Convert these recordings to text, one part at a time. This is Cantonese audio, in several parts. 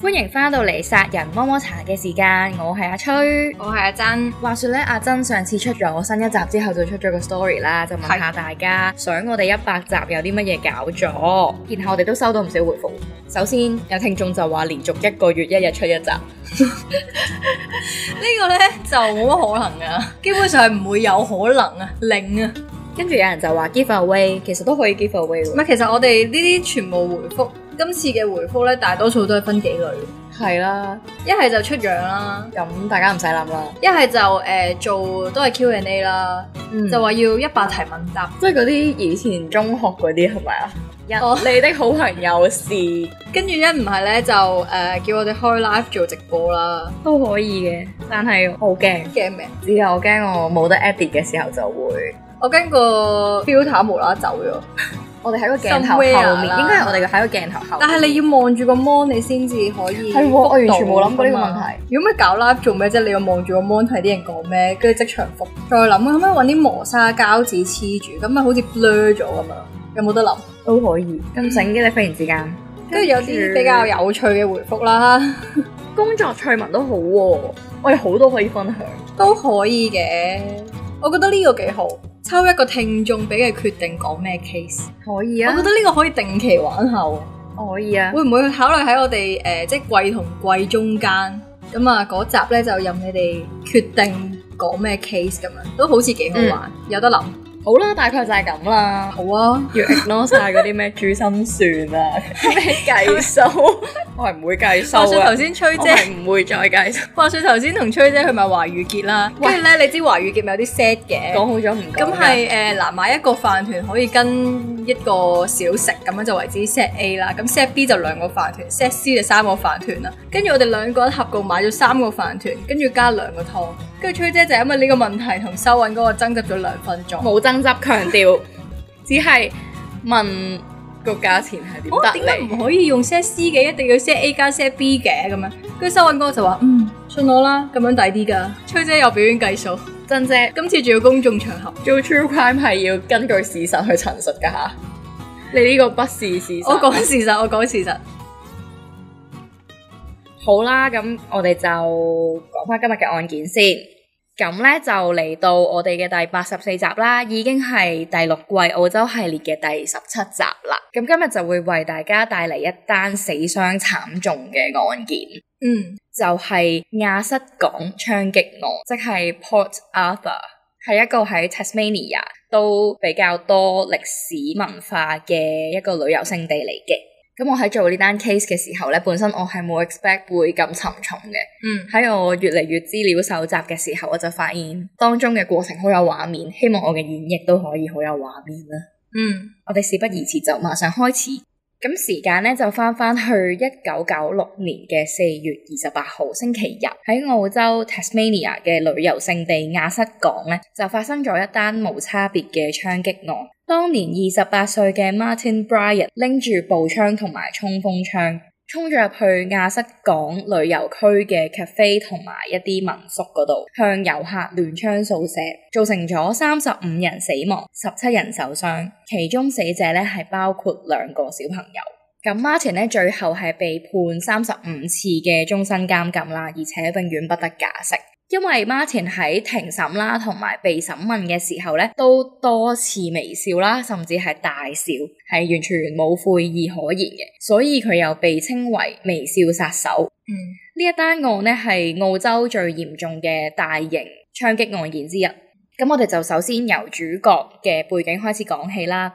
歡迎翻到嚟殺人摸摸茶嘅時間，我係阿吹，我係阿珍。話說咧，阿珍上次出咗我新一集之後，就出咗個 story 啦，就問下大家的想我哋一百集有啲乜嘢搞咗？然後我哋都收到唔少回覆。首先有聽眾就話連續一個月一日出一集，呢 個呢就冇乜可能啊， 基本上係唔會有可能啊，零啊。跟住有人就話 give away 其實都可以 give away。唔係，其實我哋呢啲全部回覆。今次嘅回覆咧，大多數都係分幾類，係、啊、啦，一係就出樣啦，咁大家唔使諗啦，一係就誒做都係 Q and A 啦，嗯、就話要一百題問答，即係嗰啲以前中學嗰啲係咪啊？哦，你的好朋友是， 跟住一唔係咧就誒、呃、叫我哋開 live 做直播啦，都可以嘅，但係好驚驚咩？之後我驚我冇得 add 嘅時候就會，我經過 filter 無啦走咗。 我哋喺個鏡頭後面，Somewhere? 應該係我哋嘅喺個鏡頭後面。但係你要望住個 mon，你先至可以係。我完全冇諗過呢個問題。如果唔搞 live 做咩啫？你要望住個 mon 睇啲人講咩，跟住即場覆再諗，可唔可以搵啲磨砂膠紙黐住？咁咪好似 blur 咗咁啊？有冇得諗？都可以咁醒嘅你，忽然之間，跟住有啲比較有趣嘅回覆啦。Thank you. 工作趣聞都好、啊，我哋好多可以分享，都可以嘅。我覺得呢個幾好，抽一個聽眾俾佢決定講咩 case，可以啊。我覺得呢個可以定期玩下喎，可以啊。會唔會考慮喺我哋誒、呃，即係季同季中間咁啊？嗰集咧就任你哋決定講咩 case 咁樣，都好似幾好玩，嗯、有得諗。好啦，大概就係咁啦。好啊，要 ignore 晒嗰啲咩豬心算啊，咩計數，我係唔會計數啊。話說頭先崔姐唔 會再計數。話說頭先同崔姐去咪華御結啦，跟住咧你知華御結咪有啲 set 嘅，講好咗唔。咁係誒，嗱、呃、買一個飯團可以跟一個小食咁樣就為之 set A 啦，咁 set B 就兩個飯團，set C 就三個飯團啦。跟住我哋兩個人合共買咗三個飯團，跟住加兩個湯。跟住崔姐就因為呢個問題同收銀哥爭執咗兩分鐘，冇爭執，強調 只係問個價錢係點得。點解唔、哦、可以用 set C 嘅，一定要 set A 加 set B 嘅咁樣。跟住收銀哥就話：嗯，信我啦，咁樣抵啲噶。崔姐有表演計數，真啫。今次仲要公眾場合做 true crime 係要根據事實去陳述噶吓。 你呢個不是事實， 我講事實，我講事實。好啦，咁我哋就講翻今日嘅案件先。咁呢，就嚟到我哋嘅第八十四集啦，已經係第六季澳洲系列嘅第十七集啦。咁、嗯、今日就會為大家帶嚟一單死傷慘重嘅案件。嗯，就係亞瑟港槍擊案，即係 Port Arthur，係一個喺 Tasmania 都比較多歷史文化嘅一個旅遊勝地嚟嘅。咁我喺做呢單 case 嘅時候咧，本身我係冇 expect 會咁沉重嘅。嗯，喺我越嚟越資料搜集嘅時候，我就發現當中嘅過程好有畫面，希望我嘅演繹都可以好有畫面啦。嗯，我哋事不宜遲，就馬上開始。咁、嗯、時間咧就翻翻去一九九六年嘅四月二十八號星期日，喺澳洲 Tasmania 嘅旅遊勝地亞瑟港咧，就發生咗一單無差別嘅槍擊案。當年二十八歲嘅 Martin Bryant 拎住步槍同埋衝鋒槍，衝咗入去亞瑟港旅遊區嘅 cafe 同埋一啲民宿嗰度，向遊客亂槍掃射，造成咗三十五人死亡，十七人受傷，其中死者咧係包括兩個小朋友。咁 Martin 咧，最後係被判三十五次嘅終身監禁啦，而且永遠不得假釋。因為 Martin 喺庭審啦同埋被審問嘅時候咧，都多次微笑啦，甚至係大笑，係完全冇悔意可言嘅，所以佢又被稱為微笑殺手。嗯，呢一單案咧，係澳洲最嚴重嘅大型槍擊案件之一。咁我哋就首先由主角嘅背景開始講起啦。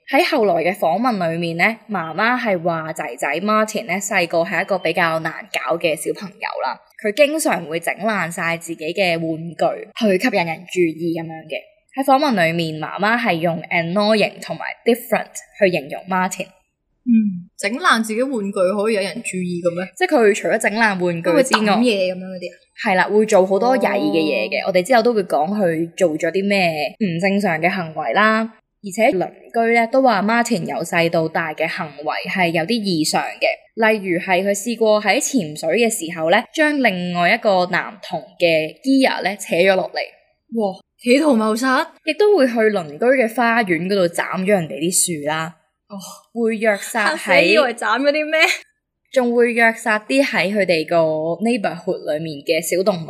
喺後來嘅訪問裏面咧，媽媽係話仔仔 Martin 咧細個係一個比較難搞嘅小朋友啦。佢經常會整爛晒自己嘅玩具去吸引人注意咁樣嘅。喺訪問裏面，媽媽係用 annoying 同埋 different 去形容 Martin。嗯，整爛自己玩具可以有人注意嘅咩？即係佢除咗整爛玩具之外，抌嘢咁樣嗰啲啊？係啦，會做好多曳嘅嘢嘅。哦，我哋之後都會講佢做咗啲咩唔正常嘅行為啦。而且鄰居咧都話，Martin 由細到大嘅行為係有啲異常嘅，例如係佢試過喺潛水嘅時候咧，將另外一個男童嘅 gear 咧扯咗落嚟，哇！企圖謀殺，亦都會去鄰居嘅花園嗰度斬咗人哋啲樹啦。哦，會虐殺喺，以為斬咗啲咩？仲會虐殺啲喺佢哋個 neighborhood 裡面嘅小動物。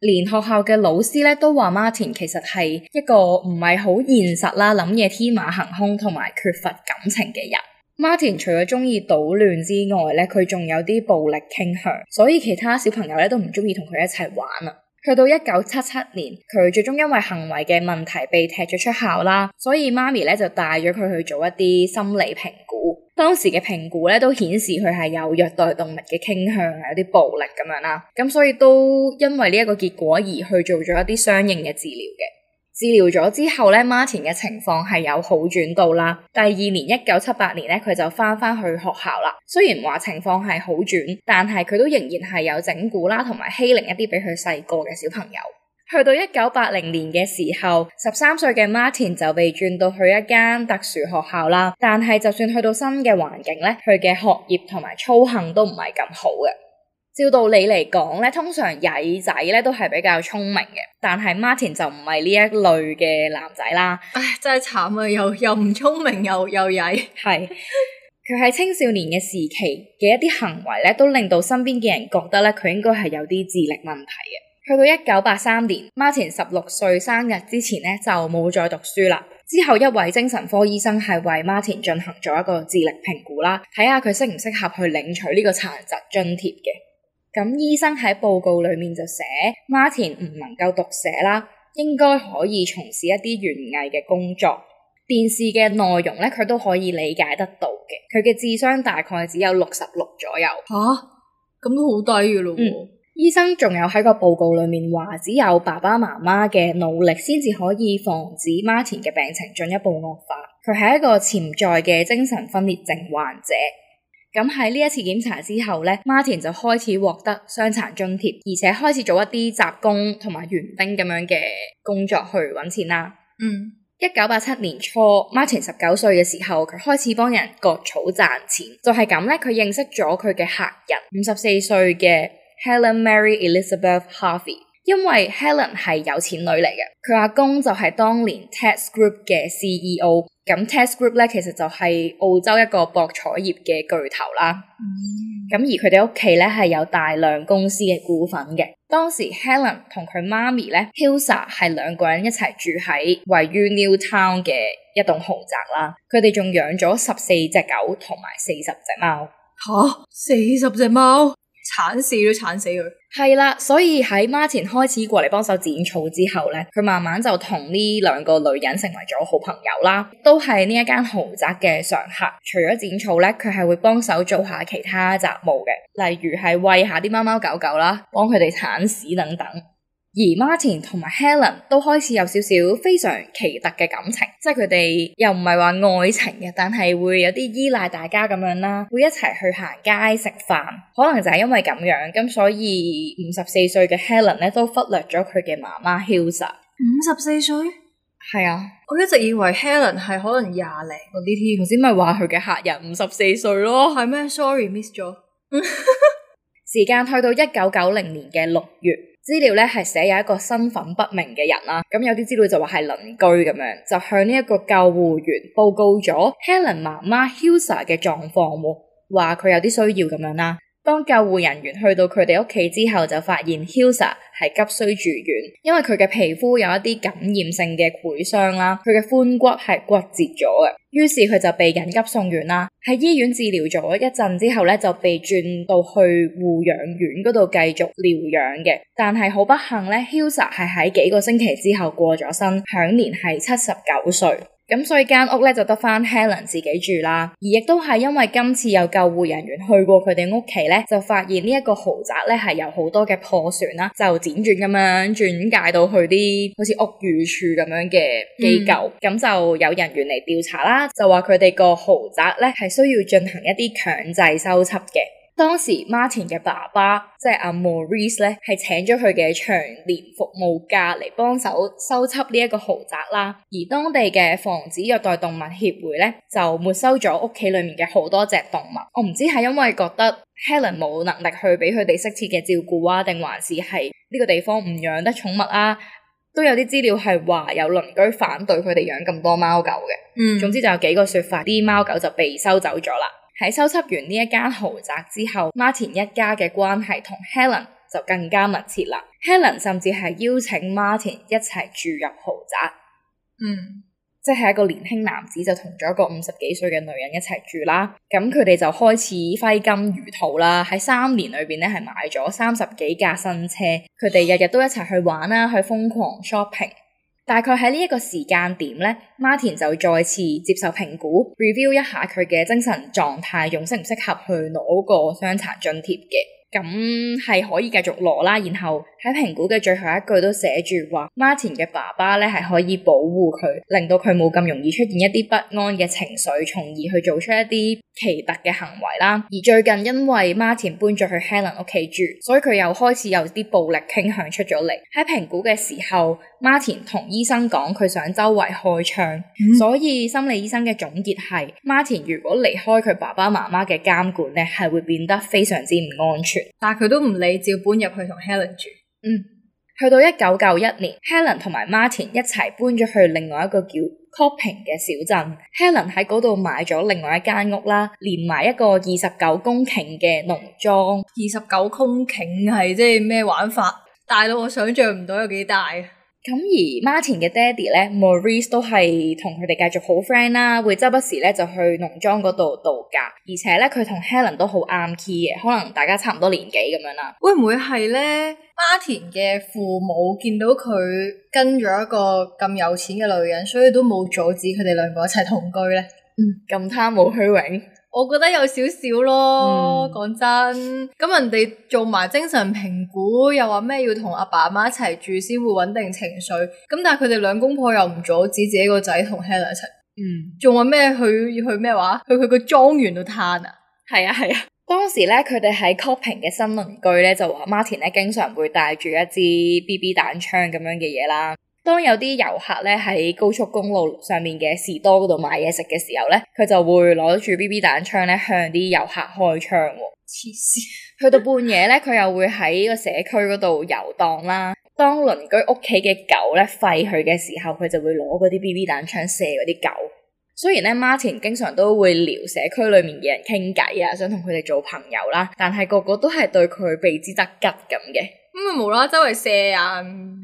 連學校嘅老師咧都話，Martin 其實係一個唔係好現實啦，諗嘢天馬行空，同埋缺乏感情嘅人。Martin 除咗中意搗亂之外咧，佢仲有啲暴力傾向，所以其他小朋友咧都唔中意同佢一齊玩啊。去到一九七七年，佢最終因為行為嘅問題被踢咗出校啦，所以媽咪咧就帶咗佢去做一啲心理評估。當時嘅評估咧，都顯示佢係有虐待動物嘅傾向，有啲暴力咁樣啦。咁所以都因為呢一個結果而去做咗一啲相應嘅治療嘅。治療咗之後咧，Martin 嘅情況係有好轉到啦。第二年一九七八年咧，佢就翻翻去學校啦。雖然話情況係好轉，但係佢都仍然係有整蠱啦，同埋欺凌一啲比佢細個嘅小朋友。去到一九八零年嘅時候，十三歲嘅 Martin 就被轉到去一間特殊學校啦。但係就算去到新嘅環境咧，佢嘅學業同埋操行都唔係咁好嘅。照道理嚟講咧，通常曳仔咧都係比較聰明嘅，但係 Martin 就唔係呢一類嘅男仔啦。唉、哎，真係慘啊！又又唔聰明，又又曳。係佢喺青少年嘅時期嘅一啲行為咧，都令到身邊嘅人覺得咧，佢應該係有啲智力問題嘅。去到一九八三年，Martin 十六歲生日之前咧就冇再讀書啦。之後一位精神科醫生係為 Martin 進行咗一個智力評估啦，睇下佢適唔適合去領取呢個殘疾津貼嘅。咁醫生喺報告裏面就寫，Martin 唔能夠讀寫啦，應該可以從事一啲園藝嘅工作。電視嘅內容咧，佢都可以理解得到嘅。佢嘅智商大概只有六十六左右。吓、啊，咁都好低嘅咯。嗯醫生仲有喺個報告裏面話，只有爸爸媽媽嘅努力先至可以防止 Martin 嘅病情進一步惡化。佢係一個潛在嘅精神分裂症患者。咁喺呢一次檢查之後咧，Martin 就開始獲得傷殘津貼，而且開始做一啲雜工同埋園丁咁樣嘅工作去揾錢啦。嗯，一九八七年初，Martin 十九歲嘅時候，佢開始幫人割草賺錢。就係咁咧，佢認識咗佢嘅客人，五十四歲嘅。Helen Mary Elizabeth Harvey，因為 Helen 係有錢女嚟嘅，佢阿公就係當年 Test Group 嘅 CEO。咁 Test Group 咧，其實就係澳洲一個博彩業嘅巨頭啦。咁、嗯、而佢哋屋企咧係有大量公司嘅股份嘅。當時 Helen 同佢媽咪咧 Hilsa 係兩個人一齊住喺位於 Newtown 嘅一棟豪宅啦。佢哋仲養咗十四隻狗同埋四十隻貓。吓，四十隻貓。鏟屎都鏟死佢，係啦。所以喺 Martin 開始過嚟，幫手剪草之後咧，佢慢慢就同呢兩個女人成為咗好朋友啦。都係呢一間豪宅嘅常客，除咗剪草咧，佢係會幫手做下其他雜務嘅，例如係餵下啲貓貓狗狗啦，幫佢哋鏟屎等等。而 Martin 同埋 Helen 都開始有少少非常奇特嘅感情，即係佢哋又唔係話愛情嘅，但係會有啲依賴大家咁樣啦，會一齊去行街食飯。可能就係因為咁樣，咁所以五十四歲嘅 Helen 咧都忽略咗佢嘅媽媽 Hilsa。五十四歲？係啊，我一直以為 Helen 係可能廿零呢啲添，頭先咪話佢嘅客人五十四歲咯，係咩？Sorry，miss 咗時間去到一九九零年嘅六月。資料咧係寫有一個身份不明嘅人啦、啊、咁、嗯、有啲資料就話係鄰居咁樣，就向呢一個救護員報告咗 Helen 媽媽 Hilsa 嘅狀況喎，話佢有啲需要咁樣啦、啊。當救護人員去到佢哋屋企之後，就發現 Hilsa 係急需住院，因為佢嘅皮膚有一啲感染性嘅潰傷啦，佢嘅髖骨係骨折咗嘅，於是佢就被緊急送院啦。喺醫院治療咗一陣之後咧，就被轉到去護養院嗰度繼續療養嘅。但係好不幸咧，Hilsa 係喺幾個星期之後過咗身，享年係七十九歲。咁所以間屋咧就得翻 Helen 自己住啦，而亦都係因為今次有救護人員去過佢哋屋企咧，就發現呢一個豪宅咧係有好多嘅破損啦，就輾轉咁樣轉介到去啲好似屋宇處咁樣嘅機構，咁、嗯、就有人員嚟調查啦，就話佢哋個豪宅咧係需要進行一啲強制修葺嘅。當時 Martin 嘅爸爸即係阿 Maurice 咧，係請咗佢嘅長年服務架嚟幫手收葺呢一個豪宅啦。而當地嘅防止虐待動物協會咧，就沒收咗屋企裡面嘅好多隻動物。我唔知係因為覺得 Helen 冇能力去俾佢哋適切嘅照顧啊，定還是係呢個地方唔養得寵物啊？都有啲資料係話有鄰居反對佢哋養咁多貓狗嘅。嗯，總之就有幾個說法，啲貓狗就被收走咗啦。喺收輯完呢一間豪宅之後，Martin 一家嘅關係同 Helen 就更加密切啦。Helen 甚至係邀請 Martin 一齊住入豪宅，嗯，即係一個年輕男子就同咗一個五十幾歲嘅女人一齊住啦。咁佢哋就開始揮金如土啦。喺三年裏邊咧，係買咗三十幾架新車。佢哋日日都一齊去玩啦，去瘋狂 shopping。大概喺呢一個時間點咧，馬田就再次接受評估，review 一下佢嘅精神狀態，仲適唔適合去攞個傷殘津貼嘅，咁係可以繼續攞啦，然後。喺評估嘅最後一句都寫住話，Martin 嘅爸爸咧係可以保護佢，令到佢冇咁容易出現一啲不安嘅情緒，從而去做出一啲奇特嘅行為啦。而最近因為 Martin 搬咗去 Helen 屋企住，所以佢又開始有啲暴力傾向出咗嚟。喺評估嘅時候，Martin 同醫生講佢想周圍開槍，嗯、所以心理醫生嘅總結係 Martin 如果離開佢爸爸媽媽嘅監管咧，係會變得非常之唔安全。但係佢都唔理，照搬入去同 Helen 住。嗯，去到一九九一年，Helen 同埋 Martin 一齊搬咗去另外一個叫 Copping 嘅小鎮。Helen 喺嗰度買咗另外一間屋啦，連埋一個二十九公頃嘅農莊。二十九公頃係即係咩玩法？大佬我想象唔到有幾大。咁而 Martin 嘅爹哋咧，Maurice 都係同佢哋繼續好 friend 啦，會周不時咧就去農莊嗰度度假。而且咧，佢同 Helen 都好啱 key 嘅，可能大家差唔多年紀咁樣啦。會唔會係咧？馬田嘅父母見到佢跟咗一個咁有錢嘅女人，所以都冇阻止佢哋兩個一齊同居咧。嗯，咁貪慕虛榮，我覺得有少少咯。講、嗯、真，咁人哋做埋精神評估，又話咩要同阿爸阿媽一齊住先會穩定情緒。咁但係佢哋兩公婆又唔阻止自己個仔同 Hella 一齊。嗯，仲話咩去要去咩話去佢個莊園度嘆啊？係啊係啊。當時咧，佢哋喺 Copping 嘅新鄰居咧，就話 Martin 咧經常會帶住一支 BB 彈槍咁樣嘅嘢啦。當有啲遊客咧喺高速公路上面嘅士多嗰度買嘢食嘅時候咧，佢就會攞住 BB 彈槍咧向啲遊客開槍喎、啊。黐線！去到半夜咧，佢又會喺個社區嗰度遊蕩啦。當鄰居屋企嘅狗咧吠佢嘅時候，佢就會攞嗰啲 BB 彈槍射嗰啲狗。雖然咧，Martin 經常都會撩社區裏面嘅人傾偈啊，想同佢哋做朋友啦，但係個個都係對佢避之則吉咁嘅。咁啊、嗯，無啦啦周圍射啊？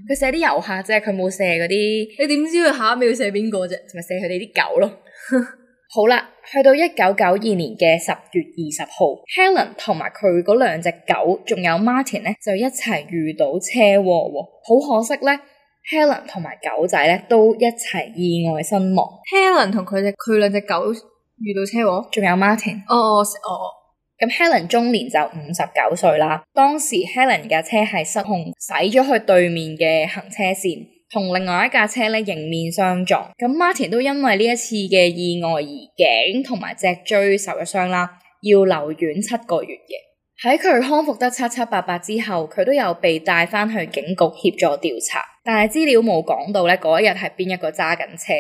佢射啲遊客啫，佢冇射嗰啲。你點知佢下一秒射邊個啫？同埋射佢哋啲狗咯。 好啦，去到一九九二年嘅十月二十號，Helen 同埋佢嗰兩隻狗，仲有 Martin 咧，就一齊遇到車禍。好可惜呢。Helen 同埋狗仔咧都一齊意外身亡。Helen 同佢隻佢兩隻狗遇到車禍，仲有 Martin。哦哦，咁、oh, oh, oh. Helen 終年就五十九歲啦。當時 Helen 架車係失控，駛咗去對面嘅行車線，同另外一架車咧迎面相撞。咁 Martin 都因為呢一次嘅意外而頸同埋脊椎受咗傷啦，要留院七個月嘅。喺佢康復得七七八八之後，佢都有被帶翻去警局協助調查。但係資料冇講到咧，嗰一日係邊一個揸緊車？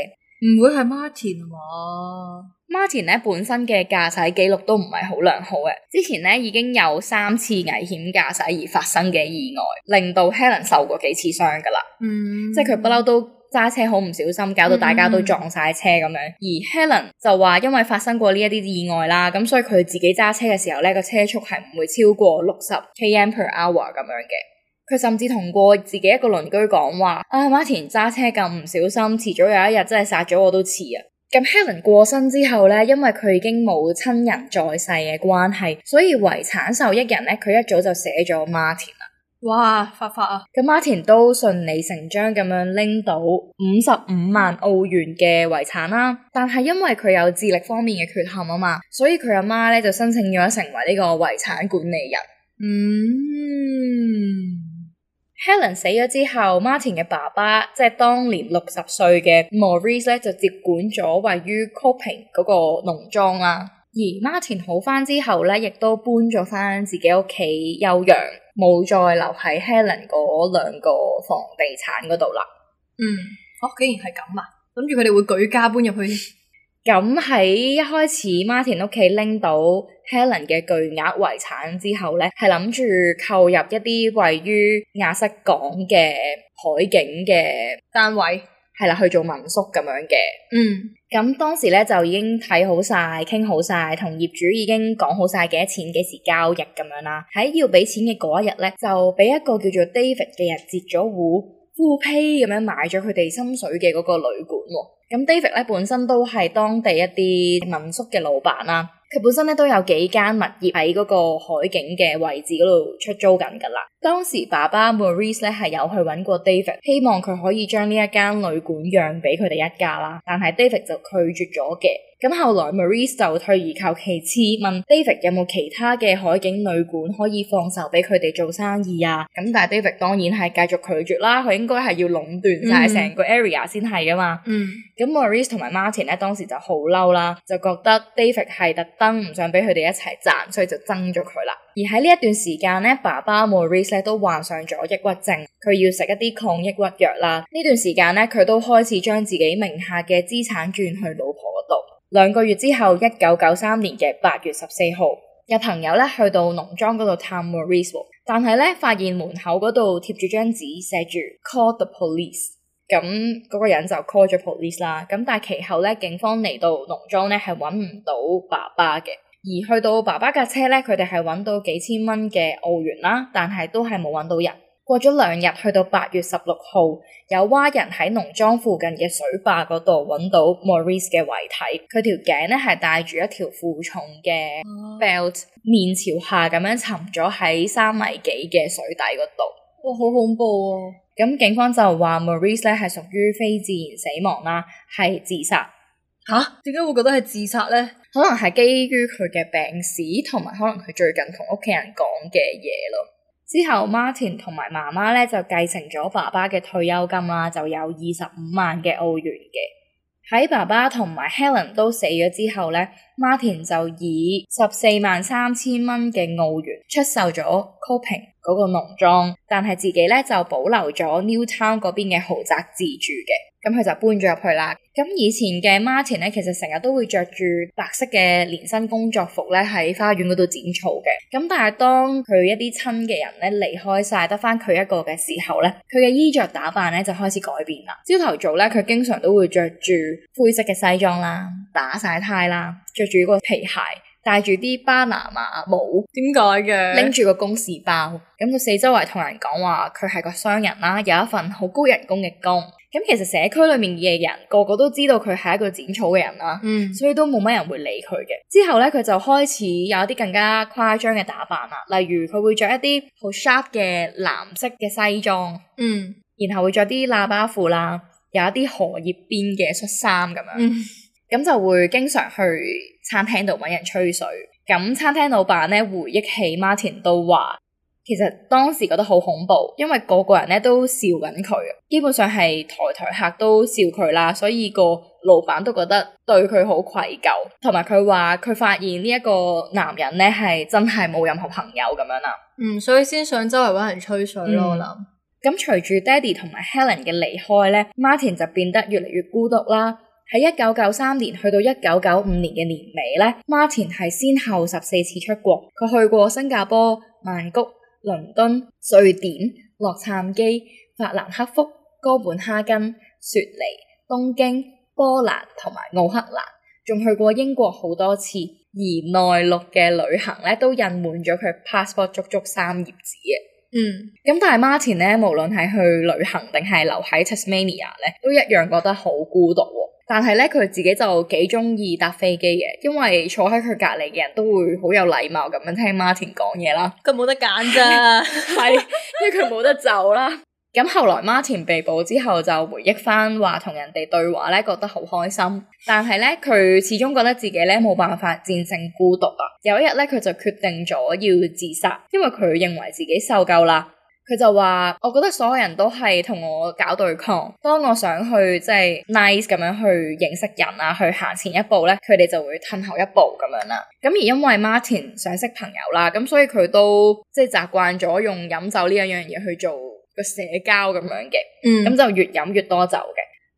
唔會係 Mart Martin 啊嘛？Martin 咧本身嘅駕駛記錄都唔係好良好嘅，之前咧已經有三次危險駕駛而發生嘅意外，令到 Helen 受過幾次傷噶啦。嗯，即係佢不嬲都揸車好唔小心，搞到大家都撞晒車咁樣。嗯、而 Helen 就話，因為發生過呢一啲意外啦，咁所以佢自己揸車嘅時候咧，個車速係唔會超過六十 km per hour 咁樣嘅。佢甚至同過自己一個鄰居講話：啊，Martin 揸車咁唔小心，遲早有一日真係殺咗我都遲啊！咁 Helen 過身之後咧，因為佢已經冇親人在世嘅關係，所以遺產受益人咧，佢一早就寫咗 Martin 啦。哇，發發啊！咁 Martin 都順理成章咁樣拎到五十五萬澳元嘅遺產啦。但係因為佢有智力方面嘅缺陷啊嘛，所以佢阿媽咧就申請咗成為呢個遺產管理人。嗯。Helen 死咗之後，Martin 嘅爸爸即係當年六十歲嘅 Maurice 咧，就接管咗位於 Coping 嗰個農莊啦。而 Martin 好翻之後咧，亦都搬咗翻自己屋企休養，冇再留喺 Helen 嗰兩個房地產嗰度啦。嗯，哦，竟然係咁啊！諗住佢哋會舉家搬入去。咁喺一開始，Martin 屋企拎到 Helen 嘅巨額遺產之後呢，係諗住購入一啲位於亞瑟港嘅海景嘅單位，係啦，去做民宿咁樣嘅。嗯，咁當時呢，就已經睇好晒、傾好晒，同業主已經講好晒幾多錢，幾時交易咁樣啦。喺要俾錢嘅嗰一日呢，就俾一個叫做 David 嘅人截咗戶 full 批咁樣買咗佢哋心水嘅嗰個旅館喎、哦。咁 David 咧本身都係當地一啲民宿嘅老闆啦，佢本身咧都有幾間物業喺嗰個海景嘅位置嗰度出租緊㗎啦。當時爸爸 Maurice 咧係有去揾過 David，希望佢可以將呢一間旅館讓俾佢哋一家啦，但係 David 就拒絕咗嘅。咁後來，Maurice 就退而求其次問 David 有冇其他嘅海景旅館可以放手俾佢哋做生意啊？咁但係 David 當然係繼續拒絕啦。佢應該係要壟斷曬成個 area 先係噶嘛。咁、嗯嗯、Maurice 同埋 Martin 咧當時就好嬲啦，就覺得 David 係特登唔想俾佢哋一齊賺，所以就爭咗佢啦。而喺呢一段時間呢，爸爸 Maurice 咧都患上咗抑鬱症，佢要食一啲抗抑鬱藥啦。呢段時間呢，佢都開始將自己名下嘅資產轉去老婆嗰度。兩個月之後，一九九三年嘅八月十四號，有朋友咧去到農莊嗰度探莫里斯，但係咧發現門口嗰度貼住張紙，寫住 call the police。咁、嗯、嗰、嗰個人就 call 咗 police 啦。咁、嗯、但係其後咧，警方嚟到農莊咧係揾唔到爸爸嘅，而去到爸爸架車咧，佢哋係揾到幾千蚊嘅澳元啦，但係都係冇揾到人。過咗兩日，去到八月十六號，有蛙人喺農莊附近嘅水壩嗰度揾到 Maurice 嘅遺體。佢條頸咧係戴住一條負重嘅 belt，面朝下咁樣沉咗喺三米幾嘅水底嗰度。哇，好恐怖啊！咁警方就話 Maurice 咧係屬於非自然死亡啦，係自殺。吓、啊？點解會覺得係自殺咧？可能係基於佢嘅病史，同埋可能佢最近同屋企人講嘅嘢咯。之後，Martin 同埋媽媽咧就繼承咗爸爸嘅退休金啦，就有二十五萬嘅澳元嘅。喺爸爸同埋 Helen 都死咗之後咧，Martin 就以十四萬三千蚊嘅澳元出售咗 Coping 嗰個農莊，但係自己咧就保留咗 Newtown 嗰邊嘅豪宅自住嘅。咁佢就搬咗入去啦。咁以前嘅 Martin 咧，其實成日都會着住白色嘅連身工作服咧，喺花園嗰度剪草嘅。咁但係當佢一啲親嘅人咧離開晒得翻佢一個嘅時候咧，佢嘅衣着打扮咧就開始改變啦。朝頭早咧，佢經常都會着住灰色嘅西裝啦，打晒呔啦，着住個皮鞋，戴住啲巴拿馬帽。點解嘅？拎住個公事包，咁佢四周圍同人講話，佢係個商人啦，有一份好高人工嘅工。咁其實社區裏面嘅人個個都知道佢係一個剪草嘅人啦，嗯、所以都冇乜人會理佢嘅。之後咧，佢就開始有一啲更加誇張嘅打扮啦，例如佢會着一啲好 sharp 嘅藍色嘅西裝，嗯，然後會着啲喇叭褲啦，有一啲荷葉邊嘅恤衫咁樣，咁、嗯、就會經常去餐廳度揾人吹水。咁餐廳老闆咧回憶起 Martin 都話。其實當時覺得好恐怖，因為個個人咧都笑緊佢，基本上係台台客都笑佢啦，所以個老闆都覺得對佢好愧疚，同埋佢話佢發現呢一個男人咧係真係冇任何朋友咁樣啦。嗯，所以先上周圍搵人吹水咯。我諗咁隨住 Daddy 同埋 Helen 嘅離開咧，Martin 就變得越嚟越孤獨啦。喺一九九三年去到一九九五年嘅年尾咧，Martin 係先後十四次出國，佢去過新加坡、曼谷、倫敦、瑞典、洛杉磯、法蘭克福、哥本哈根、雪梨、東京、波蘭同埋奧克蘭，仲去過英國好多次，而內陸嘅旅行咧都印滿咗佢 passport 足足三頁紙嘅嗯，咁但係 Martin 咧，無論係去旅行定係留喺 Tasmania 咧，都一樣覺得好孤獨。但係咧，佢自己就幾中意搭飛機嘅，因為坐喺佢隔籬嘅人都會好有禮貌咁樣聽 Martin 講嘢啦。佢冇得揀咋，係因為佢冇得走啦。咁後來 Martin 被捕之後就回憶翻，話同人哋對話咧，覺得好開心。但係咧，佢始終覺得自己咧冇辦法戰勝孤獨啊。有一日咧，佢就決定咗要自殺，因為佢認為自己受夠啦。佢就話：我覺得所有人都係同我搞對抗。當我想去即係、就是、nice 咁樣去認識人啊，去行前一步咧，佢哋就會退後一步咁樣啦。咁而因為 Martin 想識朋友啦，咁所以佢都即係習慣咗用飲酒呢一樣嘢去做。個社交咁樣嘅，咁就越飲越多酒嘅。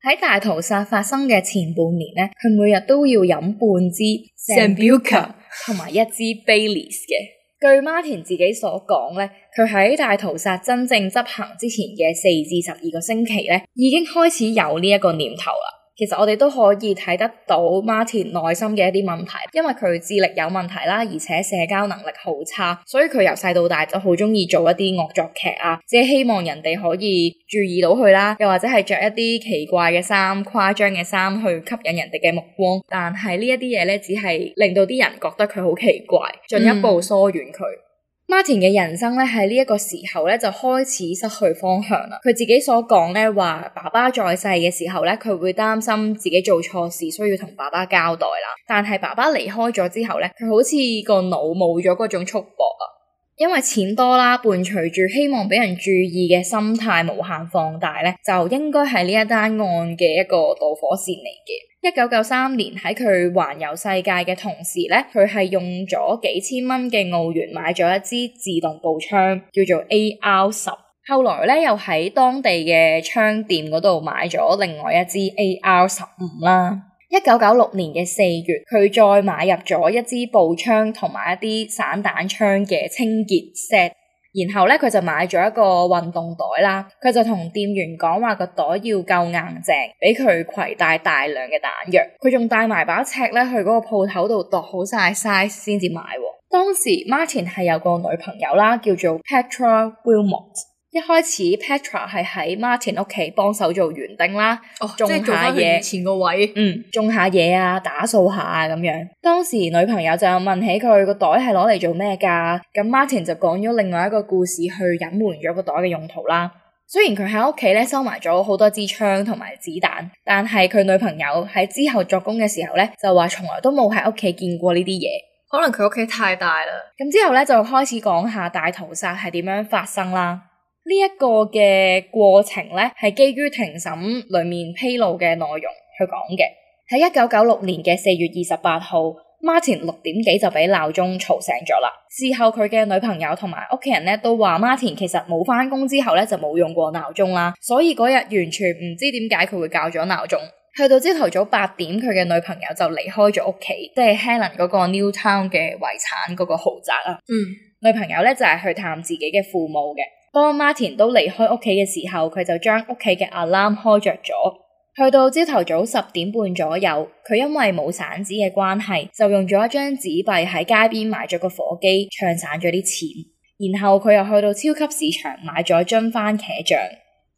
喺大屠殺發生嘅前半年咧，佢每日都要飲半支 Sambuca 同埋一支 Baileys 嘅。據 Martin 自己所講咧，佢喺大屠殺真正執行之前嘅四至十二個星期咧，已經開始有呢一個念頭啦。其實我哋都可以睇得到 Martin 內心嘅一啲問題，因為佢智力有問題啦,而且社交能力好差，所以佢由細到大就好中意做一啲惡作劇啊，即係希望人哋可以注意到佢啦，又或者係着一啲奇怪嘅衫、誇張嘅衫去吸引人哋嘅目光。但係呢一啲嘢咧，只係令到啲人覺得佢好奇怪，進一步疏遠佢。嗯 Martin 嘅人生咧，喺呢一個時候咧就開始失去方向啦。佢自己所講咧，話爸爸在世嘅時候咧，佢會擔心自己做錯事需要同爸爸交代啦。但係爸爸離開咗之後咧，佢好似個腦冇咗嗰種束縛啊。因為錢多啦，伴隨住希望俾人注意嘅心態無限放大咧，就應該係呢一單案嘅一個導火線嚟嘅。一九九三年喺佢環遊世界嘅同時咧，佢係用咗幾千蚊嘅澳元買咗一支自動步槍，叫做 AR 十。後來咧又喺當地嘅槍店嗰度買咗另外一支 AR 十五啦。一九九六年嘅四月，佢再買入咗一支步槍同埋一啲散彈槍嘅清潔 set。然後咧，佢就買咗一個運動袋啦。佢就同店員講，話個袋要夠硬淨，俾佢攜帶大量嘅彈藥。佢仲帶埋把尺咧去嗰個鋪頭度度好晒 size 先至買。當時 Martin 係有個女朋友啦，叫做 Petra Wilmot。一開始 Petra 係喺 Martin 屋企幫手做園丁啦，哦、種下嘢。哦、前個位，嗯，種下嘢啊，打掃下啊，咁樣。當時女朋友就問起佢個袋係攞嚟做咩噶，咁 Martin 就講咗另外一個故事去隱瞞咗個袋嘅用途啦。雖然佢喺屋企咧收埋咗好多支槍同埋子彈，但係佢女朋友喺之後作工嘅時候咧就話從來都冇喺屋企見過呢啲嘢，可能佢屋企太大啦。咁之後咧就開始講下大屠殺係點樣發生啦。呢一個嘅過程咧，係基於庭審裏面披露嘅內容去講嘅。喺一九九六年嘅四月二十八號，Martin 六點幾就俾鬧鐘吵醒咗啦。事後佢嘅女朋友同埋屋企人咧都話，Martin 其實冇翻工之後咧就冇用過鬧鐘啦，所以嗰日完全唔知點解佢會校咗鬧鐘。去到朝頭早八點，佢嘅女朋友就離開咗屋企，即係 Helen 嗰個 Newtown 嘅遺產嗰個豪宅啦。嗯，女朋友咧就係去探自己嘅父母嘅。當 Martin 都離開屋企嘅時候，佢就將屋企嘅 alarm 開着咗。去到朝頭早十點半左右，佢因為冇散紙嘅關係，就用咗一張紙幣喺街邊買咗個火機，唱散咗啲錢。然後佢又去到超級市場買咗樽番茄醬。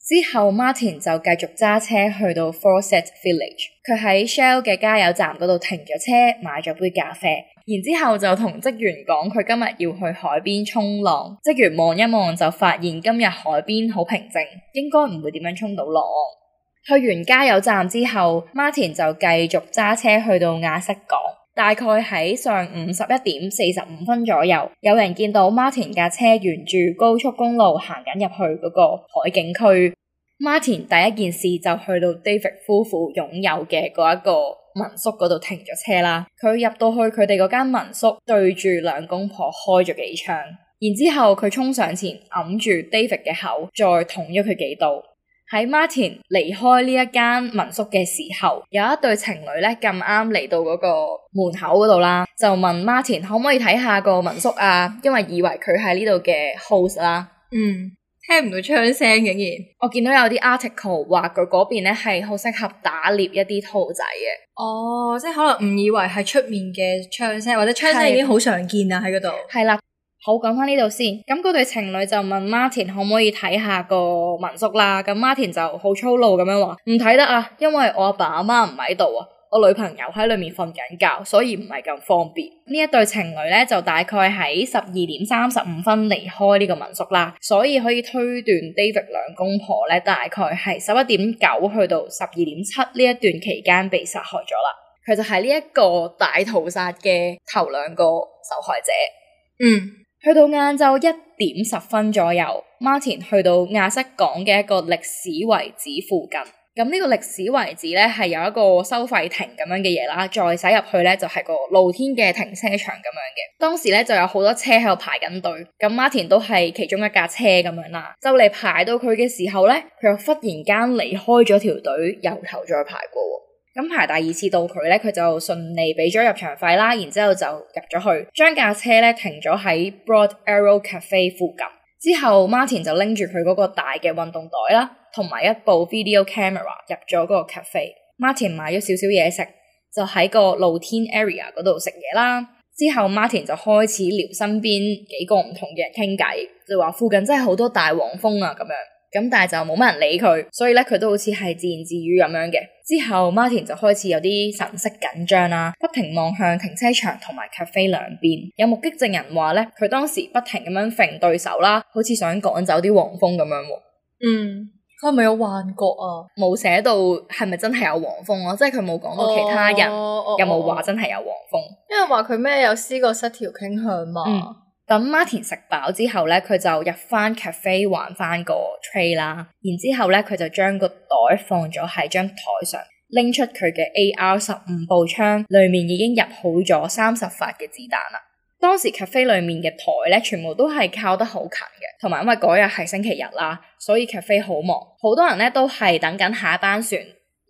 之後 Martin 就繼續揸車去到 Forcett Village，佢喺 Shell 嘅加油站嗰度停咗車，買咗杯咖啡。然之後就同職員講佢今日要去海邊衝浪，職員望一望就發現今日海邊好平靜，應該唔會點樣衝到浪。去完加油站之後，Martin 就繼續揸車去到亞瑟港，大概喺上午十一點四十五分左右，有人見到 Martin 架車沿住高速公路行緊入去嗰個海景區。Martin 第一件事就去到 David 夫婦擁有嘅嗰一個民宿度停咗車啦，佢入到去佢哋嗰間民宿，對住兩公婆開咗幾槍，然之後佢衝上前揞住 David 嘅口，再捅咗佢幾刀。喺 Martin 離開呢一間民宿嘅時候，有一對情侶咧咁啱嚟到嗰個門口嗰度啦，就問 Martin 可唔可以睇下個民宿啊，因為以為佢喺呢度嘅 host 啦。嗯。聽唔到槍聲，竟然，我見到有啲 article 話佢嗰邊咧係好適合打獵一啲兔仔嘅。哦，即係可能誤以為係出面嘅槍聲，或者槍聲已經好常見啦喺嗰度。係啦的，好講翻呢度先。咁嗰對情侶就問 Martin 可唔可以睇下個民宿啦。咁 Martin 就好粗魯咁樣話唔睇得啊，因為我阿爸阿媽唔喺度啊。我女朋友喺裏面瞓緊覺，所以唔係咁方便。呢一對情侶咧就大概喺十二點三十五分離開呢個民宿啦，所以可以推斷 David 兩公婆咧大概係十一點九去到十二點七呢一段期間被殺害咗啦。佢就係呢一個大屠殺嘅頭兩個受害者。嗯，去到晏晝一點十分左右，Martin 去到亞瑟港嘅一個歷史遺址附近。咁呢個歷史位置咧係有一個收費亭咁樣嘅嘢啦，再駛入去咧就係個露天嘅停車場咁樣嘅。當時咧就有好多車喺度排緊隊，咁馬田都係其中一架車咁樣啦。就嚟排到佢嘅時候咧，佢又忽然間離開咗條隊，由頭再排過。咁排第二次到佢咧，佢就順利俾咗入場費啦，然之後就入咗去，將架車咧停咗喺 Broad Arrow Cafe 附近。之後 Martin 就拎住佢嗰個大嘅運動袋啦，同埋一部 video camera 入咗嗰個 cafe。Martin 買咗少少嘢食，就喺個露天 area 嗰度食嘢啦。之後 Martin 就開始撩身邊幾個唔同嘅人傾偈，就話附近真係好多大黃蜂啊咁樣。咁但係就冇乜人理佢，所以咧佢都好似係自言自語咁樣嘅。之後 Martin 就開始有啲神色緊張啦，不停望向停車場同埋咖啡兩邊。有目擊證人話咧，佢當時不停咁樣揈對手啦，好似想趕走啲黃蜂咁樣。嗯，佢係咪有幻覺啊？冇寫到係咪真係有黃蜂啊？即係佢冇講到其他人有冇話真係有黃蜂，哦哦哦、因為話佢咩有思覺失調傾向嘛。嗯等 Martin 食飽之後呢，佢就入翻 cafe 還翻個 tray 啦，然之後呢，佢就將個袋放咗喺張台上，拎出佢嘅 AR 十五步槍，裏面已經入好咗三十發嘅子彈啦。當時 cafe 裏面嘅台呢，全部都係靠得好近嘅，同埋因為嗰日係星期日啦，所以 cafe 好忙，好多人呢，都係等緊下一班船。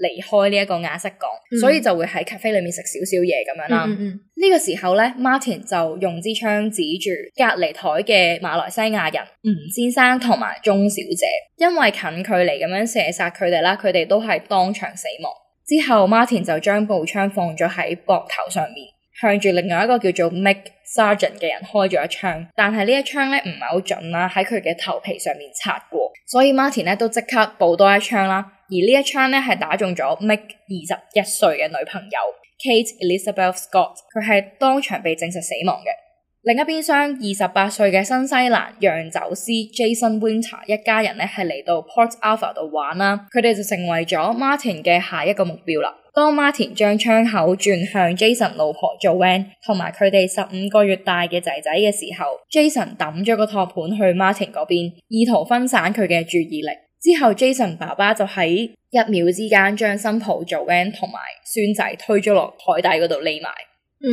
離開呢一個亞瑟港，嗯、所以就會喺咖啡裏面食少少嘢咁樣啦。呢、嗯嗯嗯、個時候咧，Martin 就用支槍指住隔離台嘅馬來西亞人吳先、嗯、生同埋鐘小姐，因為近距離咁樣射殺佢哋啦，佢哋都係當場死亡。之後 Martin 就將部槍放咗喺膊頭上面，向住另外一個叫做 Mick Sergeant 嘅人開咗一槍，但係呢一槍咧唔係好準啦，喺佢嘅頭皮上面擦過，所以 Martin 咧都即刻補多一槍啦。而呢一槍呢，係打中咗 Mick 二十一歲嘅女朋友 Kate Elizabeth Scott，佢係當場被證實死亡嘅。另一邊廂，雙二十八歲嘅新西蘭釀酒師 Jason Winter 一家人呢，係嚟到 Port Arthur 度玩啦，佢哋就成為咗 Martin 嘅下一個目標啦。當 Martin 將槍口轉向 Jason 老婆做 Van 同埋佢哋十五個月大嘅仔仔嘅時候，Jason 抌咗個托盤去 Martin 嗰邊，意圖分散佢嘅注意力。之後 Jason 爸爸就喺一秒之間，將新抱做 Van 同埋孫仔推咗落台底嗰度匿埋。嗯，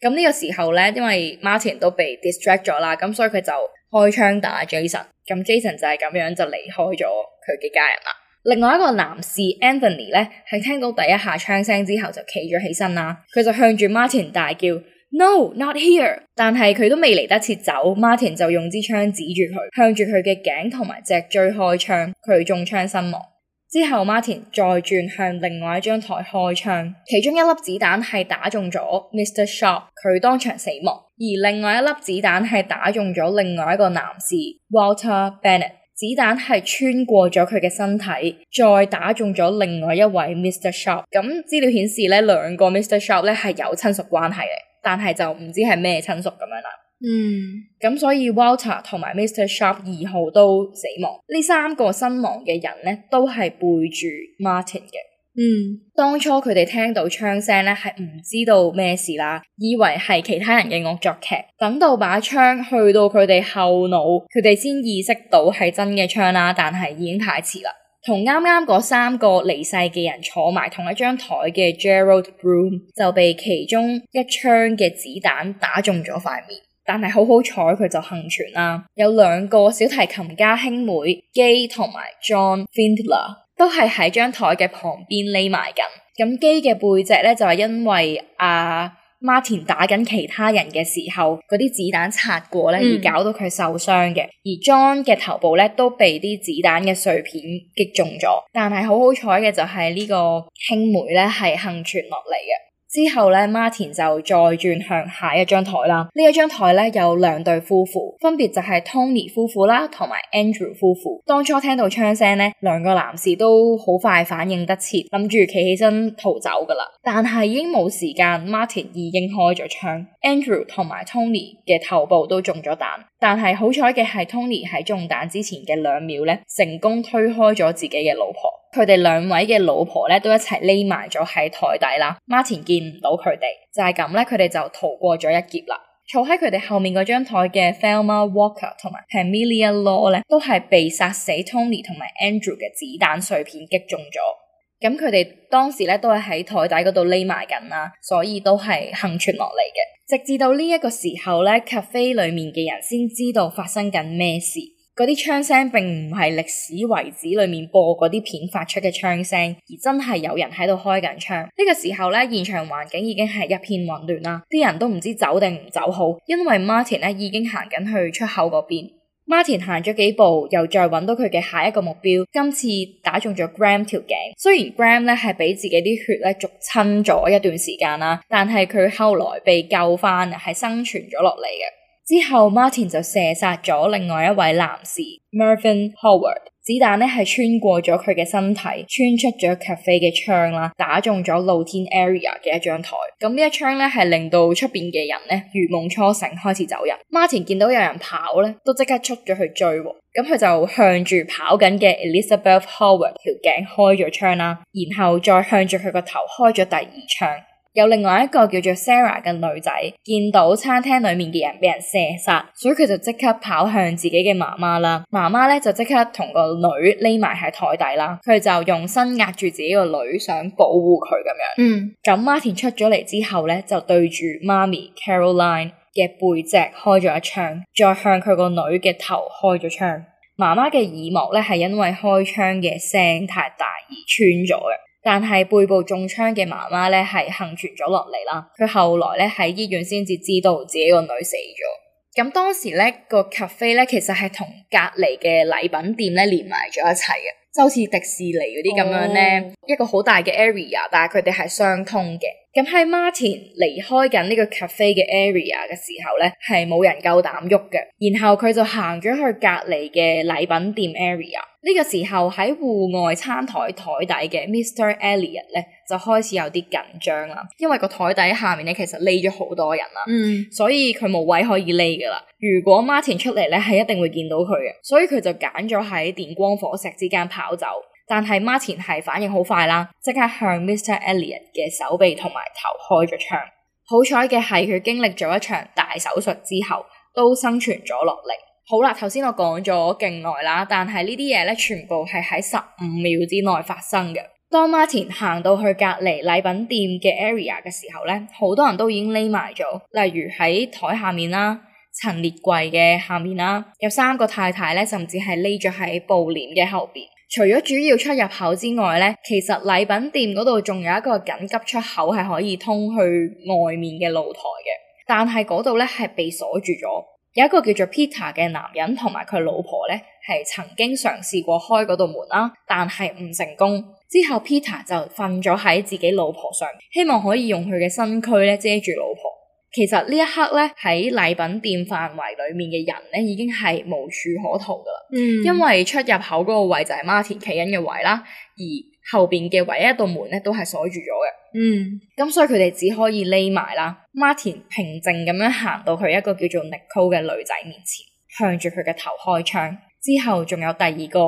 咁呢個時候咧，因為 Martin 都被 distract 咗啦，咁所以佢就開槍打 Jason。咁 Jason 就係咁樣就離開咗佢嘅家人啦。另外一個男士 Anthony 咧，係聽到第一下槍聲之後就企咗起身啦，佢就向住 Martin 大叫。No, not here。但係佢都未嚟得切走，Martin 就用支槍指住佢，向住佢嘅頸同埋脊椎開槍，佢中槍身亡。之後 Martin 再轉向另外一張台開槍，其中一粒子彈係打中咗 Mr. Shaw，佢當場死亡。而另外一粒子彈係打中咗另外一個男士 Walter Bennett，子彈係穿過咗佢嘅身體，再打中咗另外一位 Mr. Shaw。咁資料顯示呢兩個 Mr. Shaw 咧，係有親屬關係嘅。但係就唔知係咩親屬咁樣啦。嗯，咁所以 Walter 同埋 Mr. Sharp 二號都死亡。呢三個身亡嘅人咧，都係背住 Martin 嘅。嗯，當初佢哋聽到槍聲咧，係唔知道咩事啦，以為係其他人嘅惡作劇。等到把槍去到佢哋後腦，佢哋先意識到係真嘅槍啦，但係已經太遲啦。同啱啱嗰三個離世嘅人坐埋同一張台嘅 Gerald Broome，um, 就被其中一槍嘅子彈打中咗塊面，但係好好彩佢就幸存啦。有兩個小提琴家兄妹基同埋 John Fintler 都係喺張台嘅旁邊匿埋緊。咁基嘅背脊咧就係、是、因為啊。馬田打緊其他人嘅時候，嗰啲子彈擦過呢，而搞到佢受傷嘅。嗯、而 John 嘅頭部呢，都被啲子彈嘅碎片擊中咗，但係好好彩嘅就係呢個兄妹呢係幸存落嚟嘅。之後咧，Martin 就再轉向下一張台啦。呢一張台咧，有兩對夫婦，分別就係 Tony 夫婦啦，同埋 Andrew 夫婦。當初聽到槍聲咧，兩個男士都好快反應得切，諗住企起身逃走噶啦。但係已經冇時間，Martin 已經開咗槍，Andrew 同埋 Tony 嘅頭部都中咗彈。但係好彩嘅係，Tony 喺中彈之前嘅兩秒咧，成功推開咗自己嘅老婆。佢哋兩位嘅老婆咧都一齊匿埋咗喺台底啦，Martin 見唔到佢哋就係咁咧，佢哋就逃過咗一劫啦。坐喺佢哋後面嗰張台嘅 Thelma Walker 同埋 Pamela Law 咧都係被殺死 Tony 同埋 Andrew 嘅子彈碎片擊中咗，咁佢哋當時咧都係喺台底嗰度匿埋緊啦，所以都係幸存落嚟嘅。直至到呢一個時候咧，cafe 裡面嘅人先知道發生緊咩事。嗰啲槍聲並唔係歷史遺址裏面播嗰啲片發出嘅槍聲，而真係有人喺度開緊槍。呢個時候咧，現場環境已經係一片混亂啦，啲人都唔知走定唔走好，因為 Martin 咧已經行緊去出口嗰邊。Martin 行咗幾步，又再搵到佢嘅下一個目標，今次打中咗 Graham 條頸。雖然 Graham 咧係俾自己啲血咧逐親咗一段時間啦，但係佢後來被救翻，係生存咗落嚟嘅。之後，Martin 就射殺咗另外一位男士 Mervyn Howard，子彈呢係穿過咗佢嘅身體，穿出咗 cafe 嘅窗啦，打中咗露天 area 嘅一張台。咁呢一槍呢，係令到出邊嘅人呢如夢初醒，開始走人。Martin 見到有人跑呢，都即刻出咗去追。咁佢就向住跑緊嘅 Elizabeth Howard 條頸開咗槍啦，然後再向住佢個頭開咗第二槍。有另外一個叫做 Sarah 嘅女仔見到餐廳裏面嘅人俾人射殺，所以佢就即刻跑向自己嘅媽媽啦。媽媽咧就即刻同個女匿埋喺台底啦，佢就用身壓住自己個女想保護佢咁樣。嗯，咁 Martin 出咗嚟之後咧，就對住媽咪 Caroline 嘅背脊開咗一槍，再向佢個女嘅頭開咗槍。媽媽嘅耳膜咧係因為開槍嘅聲太大而穿咗嘅。但係背部中槍嘅媽媽呢，係幸存咗落嚟啦，佢後來咧喺醫院先至知道自己個女死咗。咁當時咧、這個咖啡呢，其實係同隔籬嘅禮品店呢連埋咗一齊嘅，就好似迪士尼嗰啲咁樣咧，oh. 一個好大嘅 area，但係佢哋係相通嘅。咁喺 Martin 離開緊呢個 cafe 嘅 area 嘅時候咧，係冇人夠膽喐嘅。然後佢就行咗去隔籬嘅禮品店 area。呢個時候喺戶外餐台台底嘅 Mr Elliot 咧就開始有啲緊張啦，因為個台底下面咧其實匿咗好多人啦，嗯、所以佢冇位可以匿噶啦。如果 Martin 出嚟咧，係一定會見到佢嘅，所以佢就揀咗喺電光火石之間跑走。但係，Martin 係反應好快啦，即刻向 Mr. Elliot 嘅手臂同埋頭開咗槍。好彩嘅係，佢經歷咗一場大手術之後，都生存咗落嚟。好啦，頭先我講咗勁耐啦，但係呢啲嘢呢，全部係喺十五秒之內發生嘅。當 Martin 行到去隔離禮品店嘅 area 嘅時候呢，好多人都已經匿埋咗，例如喺台下面啦、陳列櫃嘅下面啦，有三個太太呢，甚至係匿咗喺布簾嘅後面。除咗主要出入口之外咧，其實禮品店嗰度仲有一個緊急出口係可以通去外面嘅露台嘅，但係嗰度咧係被鎖住咗。有一個叫做 Peter 嘅男人同埋佢老婆咧係曾經嘗試過開嗰道門啦，但係唔成功。之後 Peter 就瞓咗喺自己老婆上，希望可以用佢嘅身軀咧遮住老婆。其實呢一刻咧，喺禮品店範圍裏面嘅人咧，已經係無處可逃噶啦。嗯，因為出入口嗰個位就係 Martin 企緊嘅位啦，而後邊嘅唯一一道門咧都係鎖住咗嘅。嗯，咁所以佢哋只可以匿埋啦。Martin 平靜咁樣行到去一個叫做 Nicole 嘅女仔面前，向住佢嘅頭開槍。之後仲有第二個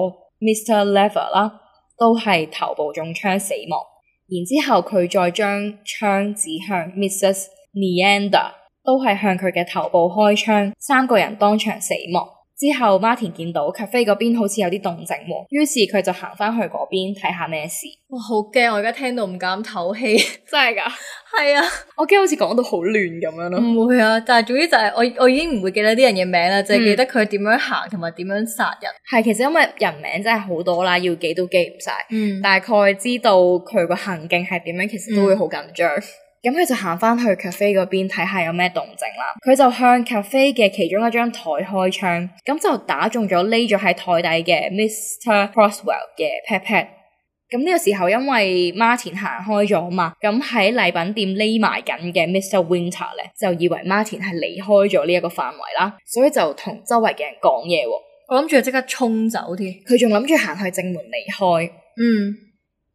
Mr. Lever 啦，都係頭部中槍死亡。然之後佢再將槍指向 Mrs. Neander，都係向佢嘅頭部開槍，三個人當場死亡。之後，Martin 見到 cafe 嗰邊好似有啲動靜，於是佢就行翻去嗰邊睇下咩事。哇，好驚！我而家聽到唔敢透氣， 真係噶嗎，係啊，我驚好似講到好亂咁樣咯。唔會、嗯、啊，但係總之就係、是、我我已經唔會記得啲人嘅名啦，就係、嗯、記得佢點樣行同埋點樣殺人。係，其實因為人名真係好多啦，要記都記唔晒。嗯，大概知道佢個行徑係點樣，其實都會好緊張。嗯咁佢就行翻去 cafe 嗰邊睇下有咩動靜啦。佢就向 cafe 嘅其中一張台開槍，咁就打中咗匿咗喺台底嘅 Mr. Crosswell 嘅 pet pet。咁呢個時候因為 Martin 行開咗嘛，咁喺禮品店匿埋緊嘅 Mr. Winter 咧，就以為 Martin 係離開咗呢一個範圍啦，所以就同周圍嘅人講嘢。我諗住即刻衝走添，佢仲諗住行去正門離開。嗯。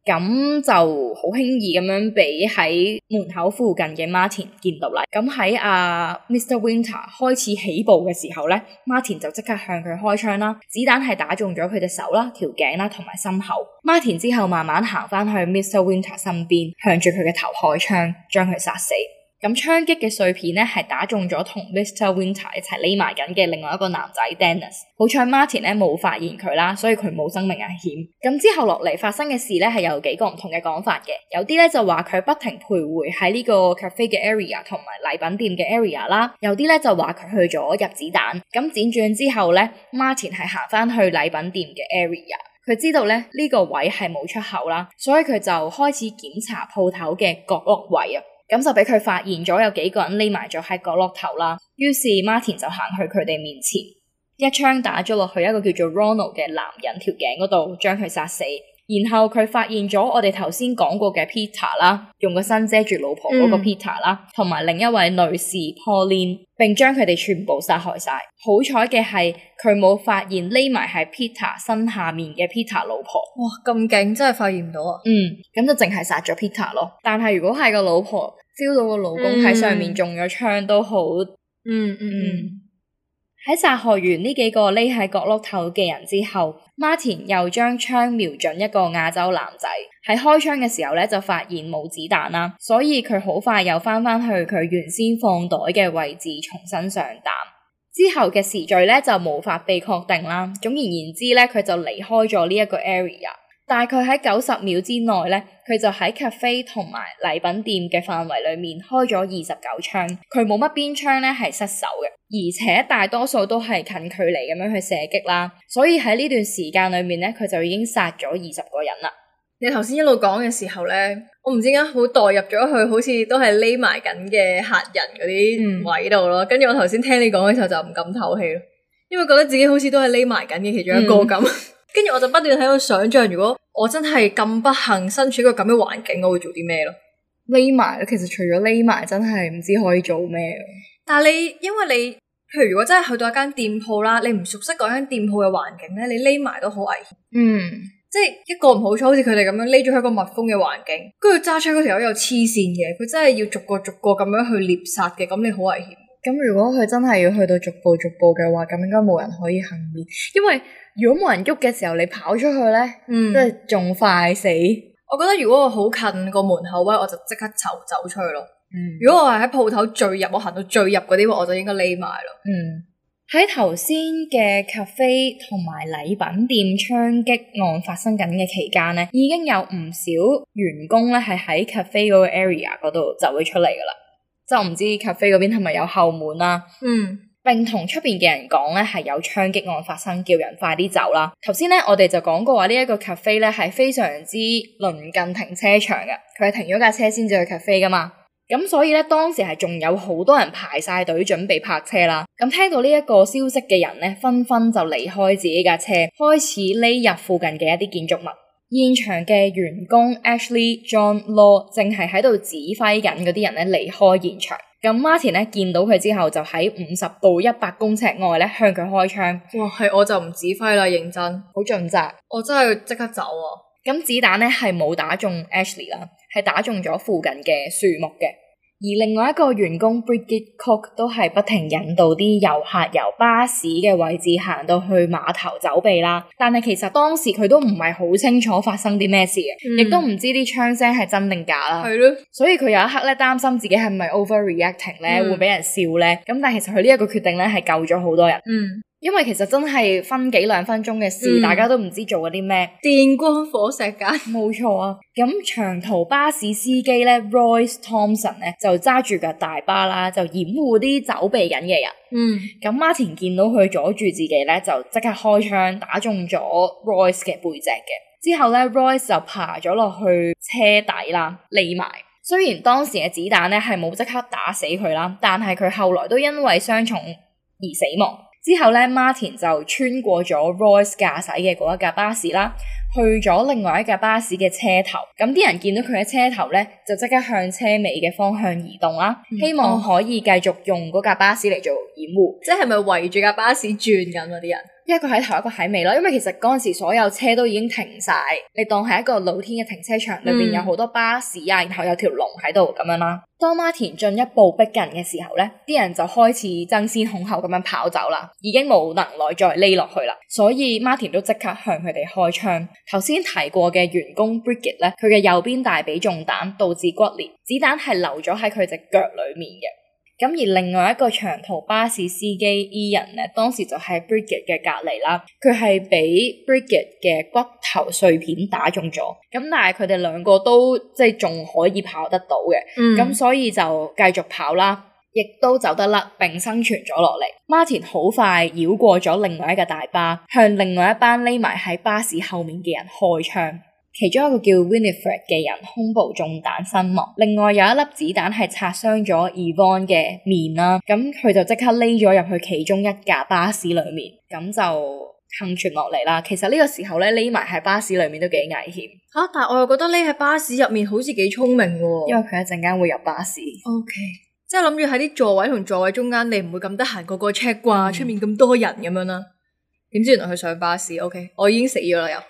咁就好輕易咁樣俾喺門口附近嘅 Martin 見到啦。咁喺阿 Mr Winter 開始起步嘅時候呢，Martin 就即刻向佢開槍啦，子彈係打中咗佢隻手啦、條頸啦同埋心口。Martin 之後慢慢行返去 Mr Winter 身邊，向住佢嘅頭開槍，將佢殺死。咁槍擊嘅碎片咧，係打中咗同 Mr. Winter 一齊匿埋緊嘅另外一個男仔 Dennis。好彩 Martin 咧冇發現佢啦，所以佢冇生命危險。咁之後落嚟發生嘅事咧，係有幾個唔同嘅講法嘅。有啲咧就話佢不停徘徊喺呢個 cafe 嘅 area 同埋禮品店嘅 area 啦。有啲咧就話佢去咗入子彈。咁輾轉之後咧，Martin 係行翻去禮品店嘅 area。佢知道咧呢個位係冇出口啦，所以佢就開始檢查鋪頭嘅角落位啊。咁就俾佢發現咗有幾個人匿埋咗喺角落頭啦。於是 Martin 就行去佢哋面前，一槍打咗落去一個叫做 Ronald 嘅男人條頸嗰度，將佢殺死。然後佢發現咗我哋頭先講過嘅 Peter 啦，用個身遮住老婆嗰個 Peter 啦，嗯，同埋另一位女士 Pauline，並將佢哋全部殺害晒。好彩嘅係佢冇發現匿埋喺 Peter 身下面嘅 Peter 老婆。哇，咁勁，真係發現唔到啊！嗯，咁就淨係殺咗 Peter 咯。但係如果係個老婆 feel 到個老公喺上面中咗槍都好，嗯，嗯嗯嗯。嗯喺殺害完呢幾個匿喺角落頭嘅人之後，馬田又將槍瞄準一個亞洲男仔。喺開槍嘅時候咧，就發現冇子彈啦，所以佢好快又翻翻去佢原先放袋嘅位置重新上彈。之後嘅時序咧就無法被確定啦。總而言之咧，佢就離開咗呢一個 area。大概喺九十秒之內咧，佢就喺 cafe 同埋禮品店嘅範圍裏面開咗二十九槍，佢冇乜邊槍咧係失手嘅，而且大多數都係近距離咁樣去射擊啦。所以喺呢段時間裏面咧，佢就已經殺咗二十個人啦。你頭先一路講嘅時候咧，我唔知點解好代入咗去，好似都係匿埋緊嘅客人嗰啲位度咯。跟住、嗯、我頭先聽你講嘅時候就唔敢唞氣咯，因為覺得自己好似都係匿埋緊嘅其中一個咁。嗯跟住我就不斷喺度想象，如果我真係咁不幸身處一個咁嘅環境，我會做啲咩咯？匿埋，其實除咗匿埋，真係唔知可以做咩。但係你，因為你，譬如如果真係去到一間店鋪啦，你唔熟悉嗰間店鋪嘅環境咧，你匿埋都好危險。嗯，即係一個唔好彩，好似佢哋咁樣匿咗喺一個密封嘅環境，跟住揸槍嗰條友有黐綫嘅，佢真係要逐個逐個咁樣去獵殺嘅，咁你好危險。咁如果佢真係要去到逐步逐步嘅話，咁應該冇人可以幸免，因為。如果冇人喐嘅時候，你跑出去咧，即係仲快死。我覺得如果我好近個門口咧，我就即刻走走出去咯。嗯，如果我係喺鋪頭最入，我行到最入嗰啲，我就應該匿埋咯。嗯，喺頭先嘅 cafe 同埋禮品店槍擊案發生緊嘅期間咧，已經有唔少員工咧係喺 cafe 個 area 嗰度就會出嚟噶啦。就唔知 cafe 嗰邊係咪有後門啦，啊。嗯。並同出邊嘅人講咧，係有槍擊案發生，叫人快啲走啦。頭先咧，我哋就講過話呢一個 cafe 咧係非常之鄰近停車場嘅，佢係停咗架車先至去 cafe 噶嘛。咁所以咧，當時係仲有好多人排晒隊準備泊車啦。咁聽到呢一個消息嘅人咧，紛紛就離開自己架車，開始匿入附近嘅一啲建築物。現場嘅員工 Ashley John Law 正係喺度指揮緊嗰啲人咧離開現場。咁 Martin 咧見到佢之後就喺五十到一百公尺外向佢開槍。哇，係我就唔指揮啦，認真，好盡責。我真的要即刻走啊！咁子彈呢係冇打中 Ashley 啦，係打中咗附近嘅樹木嘅。而另外一個員工 Bridget Cook 都係不停引導啲遊客由巴士嘅位置行到去碼頭走避啦，但係其實當時佢都唔係好清楚發生啲咩事嘅亦、嗯、都唔知啲槍聲係真定假啦。係咯的，所以佢有一刻咧擔心自己係咪 overreacting 咧、嗯、會俾人笑咧，咁但係其實佢呢一個決定咧係救咗好多人。嗯。因為其實真係分幾兩分鐘嘅事，嗯、大家都唔知做咗啲咩，電光火石噶，冇 錯啊！咁長途巴士司機咧，Royce Thompson 咧就揸住架大巴啦，就掩護啲走避緊嘅人。嗯，咁 Martin 見到佢阻住自己咧，就即刻開槍打中咗 Royce 嘅背脊嘅，之後咧 Royce 就爬咗落去車底啦，匿埋。雖然當時嘅子彈咧係冇即刻打死佢啦，但係佢後來都因為傷重而死亡。之後咧，Martin 就穿過咗 Royce 駕駛嘅嗰一架巴士啦，去咗另外一架巴士嘅車頭。咁啲人見到佢喺車頭咧，就即刻向車尾嘅方向移動啦，嗯、希望可以繼續用嗰架巴士嚟做掩護。哦、即係咪圍住架巴士轉緊啊啲人？一個喺頭一個喺尾咯，因為其實嗰陣時所有車都已經停晒，你當係一個露天嘅停車場，裏邊有好多巴士啊，然後有條龍喺度咁樣啦、啊。當 Martin 進一步逼近嘅時候咧，啲人就開始爭先恐後咁樣跑走啦，已經冇能耐再匿落去啦。所以 Martin 都即刻向佢哋開槍。頭先提過嘅員工 Brigit 咧，佢嘅右邊大髀中彈，導致骨裂，子彈係留咗喺佢隻腳裏面嘅。咁而另外一個長途巴士司機 E 人呢，當時就喺 Brigit 嘅隔離啦，佢係俾 Brigit 嘅骨頭碎片打中咗。咁但係佢哋兩個都即係仲可以跑得到嘅，咁、嗯嗯、所以就繼續跑啦，亦都走得甩並生存咗落嚟。馬田好快繞過咗另外一個大巴，向另外一班匿埋喺巴士後面嘅人開槍。其中一個叫 Winifred 嘅人胸部中彈身亡，另外有一粒子彈係擦傷咗 Evan 嘅面啦，咁佢就即刻匿咗入去其中一架巴士裏面，咁就幸存落嚟啦。其實呢個時候咧匿埋喺巴士裏面都幾危險吓、啊，但係我又覺得匿喺巴士入面好似幾聰明嘅，因為佢一陣間會入巴士。O Okay . K，即係諗住喺啲座位同座位中間，你唔會咁得閒個個 check 啩，出、嗯、面咁多人咁樣啦。點知原來佢上巴士，O、okay. K，我已經死咗啦又。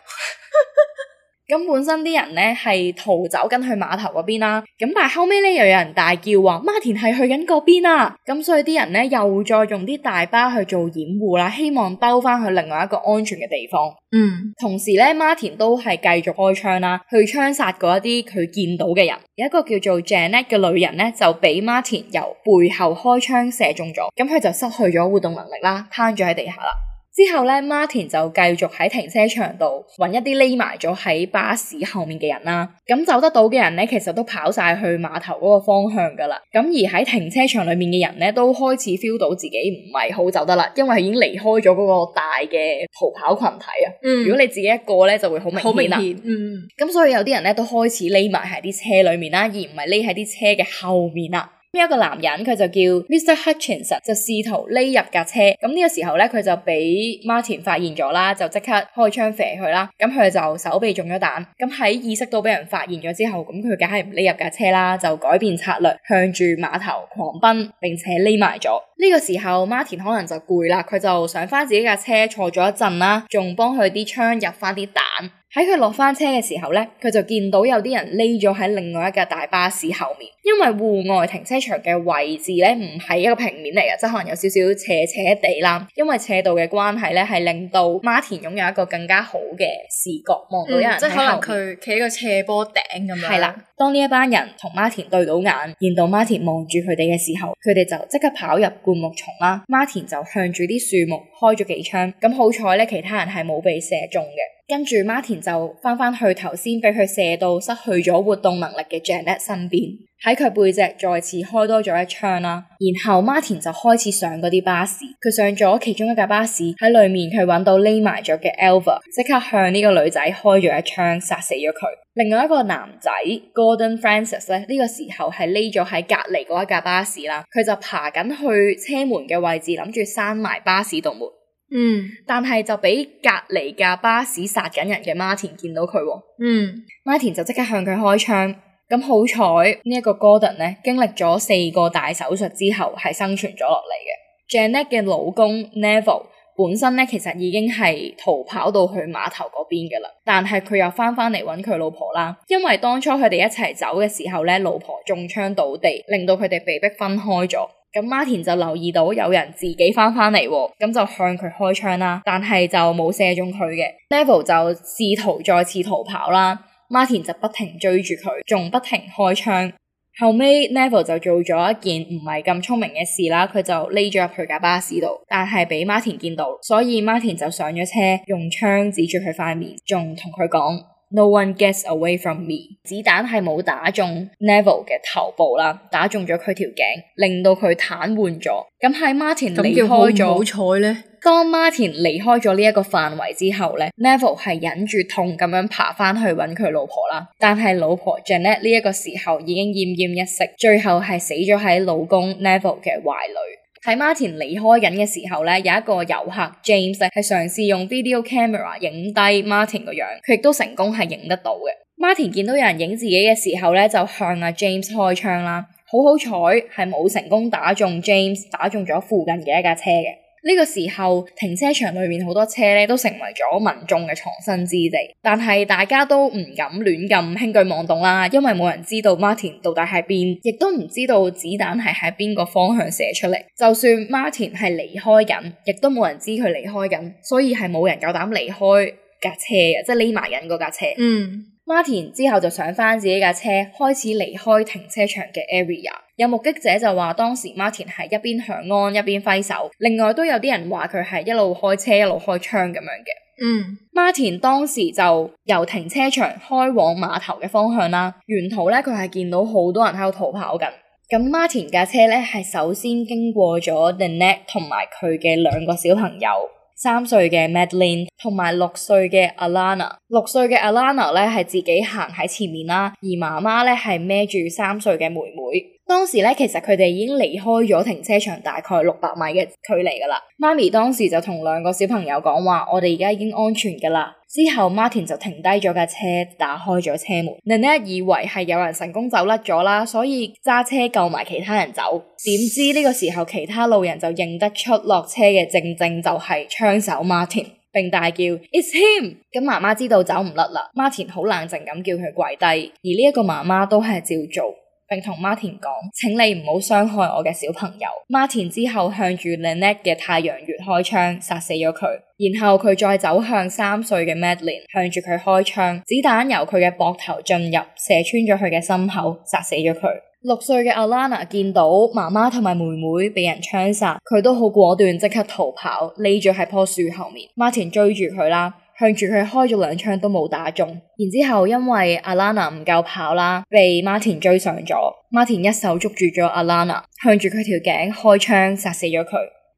咁本身啲人咧係逃走緊去碼頭嗰邊啦、啊，咁但係後尾咧又有人大叫話，馬田係去緊嗰邊啊，咁所以啲人咧又再用啲大巴去做掩護啦，希望兜翻去另外一個安全嘅地方。嗯，同時咧，馬田都係繼續開槍啦，去槍殺嗰一啲佢見到嘅人。有一個叫做 Janet 嘅女人咧，就俾馬田由背後開槍射中咗，咁佢就失去咗活動能力啦，攤住喺地下啦。之後咧，Martin 就繼續喺停車場度揾一啲匿埋咗喺巴士後面嘅人啦、啊。咁走得到嘅人咧，其實都跑晒去碼頭嗰個方向噶啦。咁而喺停車場裏面嘅人咧，都開始 feel 到自己唔係好走得啦，因為佢已經離開咗嗰個大嘅逃跑群體啊。嗯，如果你自己一個咧，就會好明顯、啊。好明顯嗯。咁所以有啲人咧都開始匿埋喺啲車裏面啦、啊，而唔係匿喺啲車嘅後面啦、啊。咁有一個男人，佢就叫 Mr Hutchinson，就試圖匿入架車。咁、這、呢個時候咧，佢就俾 Martin 發現咗啦，就即刻開槍射佢啦。咁佢就手臂中咗彈。咁喺意識到俾人發現咗之後，咁佢梗係唔匿入架車啦，就改變策略，向住碼頭狂奔，並且匿埋咗。呢、這個時候，Martin 可能就攰啦，佢就想翻自己架車坐咗一陣啦，仲幫佢啲槍入翻啲彈。喺佢落翻車嘅時候咧，佢就見到有啲人匿咗喺另外一架大巴士後面，因為戶外停車場嘅位置咧唔係一個平面嚟嘅，即可能有少少斜斜地啦。因為斜度嘅關係咧，係令到馬田擁有一個更加好嘅視覺望到有人、嗯，即可能佢企個斜坡頂咁樣。係啦，當呢一班人同馬田對到眼，見到馬田望住佢哋嘅時候，佢哋就即刻跑入灌木叢啦。馬田就向住啲樹木開咗幾槍，咁好彩咧，其他人係冇被射中嘅。跟住，Martin 就翻返去頭先俾佢射到失去咗活動能力嘅 Janet 身邊，喺佢背脊再次開多咗一槍啦。然後，Martin 就開始上嗰啲巴士，佢上咗其中一架巴士喺裏面，佢揾到匿埋咗嘅 Elva，即刻向呢個女仔開咗一槍，殺死咗佢。另外一個男仔 Gordon Francis 咧，呢個時候係匿咗喺隔離嗰一架巴士啦，佢就爬緊去車門嘅位置，諗住閂埋巴士度門。嗯，但係就俾隔籬架巴士殺緊人嘅 Martin 見到佢，嗯，Martin 就即刻向佢開槍。咁好彩呢一個 Gordon 咧，經歷咗四個大手術之後，係生存咗落嚟嘅。Janet 嘅老公 Neville 本身咧，其實已經係逃跑到去碼頭嗰邊嘅啦，但係佢又翻翻嚟搵佢老婆啦，因為當初佢哋一齊走嘅時候咧，老婆中槍倒地，令到佢哋被迫分開咗。咁 Martin 就留意到有人自己翻翻嚟，咁就向佢開槍啦，但係就冇射中佢嘅。Neville 就試圖再次逃跑啦，Martin 就不停追住佢，仲不停開槍。後尾 Neville 就做咗一件唔係咁聰明嘅事啦，佢就匿咗入去架巴士度，但係俾 Martin 見到，所以 Martin 就上咗車，用槍指住佢塊面，仲同佢講。No one gets away from me。子彈係冇打中 Neville 嘅頭部啦，打中咗佢條頸，令到佢癱瘓咗。咁喺 Martin 離開咗，咁叫好唔好彩咧？當 Martin 離開咗呢一個範圍之後咧，Neville 係忍住痛咁樣爬翻去揾佢老婆啦。但係老婆 Janet 呢一個時候已經奄奄一息，最後係死咗喺老公 Neville 嘅懷裡。喺 Martin 離開緊嘅時候呢，有一個遊客 James 咧，係嘗試用 video camera 影低 Martin 個樣，佢亦都成功係影得到嘅。Martin 見到有人影自己嘅時候呢，就向阿 James 開槍啦。好好彩係冇成功打中 James，打中咗附近嘅一架車嘅。呢個時候，停車場裏面好多車都成為咗民眾嘅藏身之地。但係大家都唔敢亂咁輕舉妄動啦，因為冇人知道 Martin 到底喺邊，亦都唔知道子彈係喺邊個方向射出嚟。就算 Martin 係離開緊，亦都冇人知佢離開緊，所以係冇人夠膽離開架車嘅，即係匿埋緊嗰架車。嗯，Martin 之後就上翻自己架車，開始離開停車場嘅 area。有目擊者就話，當時 Martin 係一邊響安一邊揮手。另外都有啲人話佢係一路開車一路開窗咁樣嘅。嗯，Martin 當時就由停車場開往碼頭嘅方向啦。沿途咧，佢係見到好多人喺度逃跑緊。咁 Martin 架車咧係首先經過咗 Denet 同埋佢嘅兩個小朋友，三歲嘅 Madeline 同埋六歲嘅 Alana。六歲嘅 Alana 咧係自己行喺前面啦，而媽媽咧係孭住三歲嘅妹妹。當時呢，其實佢哋已經離開咗停車場大概六百米嘅距離噶啦。媽咪當時就同兩個小朋友講話：我哋而家已經安全噶啦。之後 Martin 就停低咗架車，打開咗車門。Nanette 以為係有人成功走甩咗啦，所以揸車救埋其他人走。點知呢個時候，其他路人就認得出落車嘅正正就係槍手 Martin，並大叫：It's him！咁媽媽知道走唔甩啦。Martin 好冷靜咁叫佢跪低，而呢一個媽媽都係照做。並同瑪田講，請你唔好傷害我嘅小朋友。瑪田之後向住靚叻嘅太陽穴開槍，殺死咗佢。然後佢再走向三歲嘅 Madeline，向住佢開槍，子彈由佢嘅膊頭進入，射穿咗佢嘅心口，殺死咗佢。六歲嘅阿蘭娜見到媽媽同埋妹妹俾人槍殺，佢都好果斷，即刻逃跑，匿住喺棵樹後面。瑪田追住佢啦。向住佢開咗兩槍都冇打中，然之後因為阿 Lana 唔夠跑啦，被馬田追上咗。馬田一手捉住咗阿 Lana，向住佢條頸開槍殺死咗佢。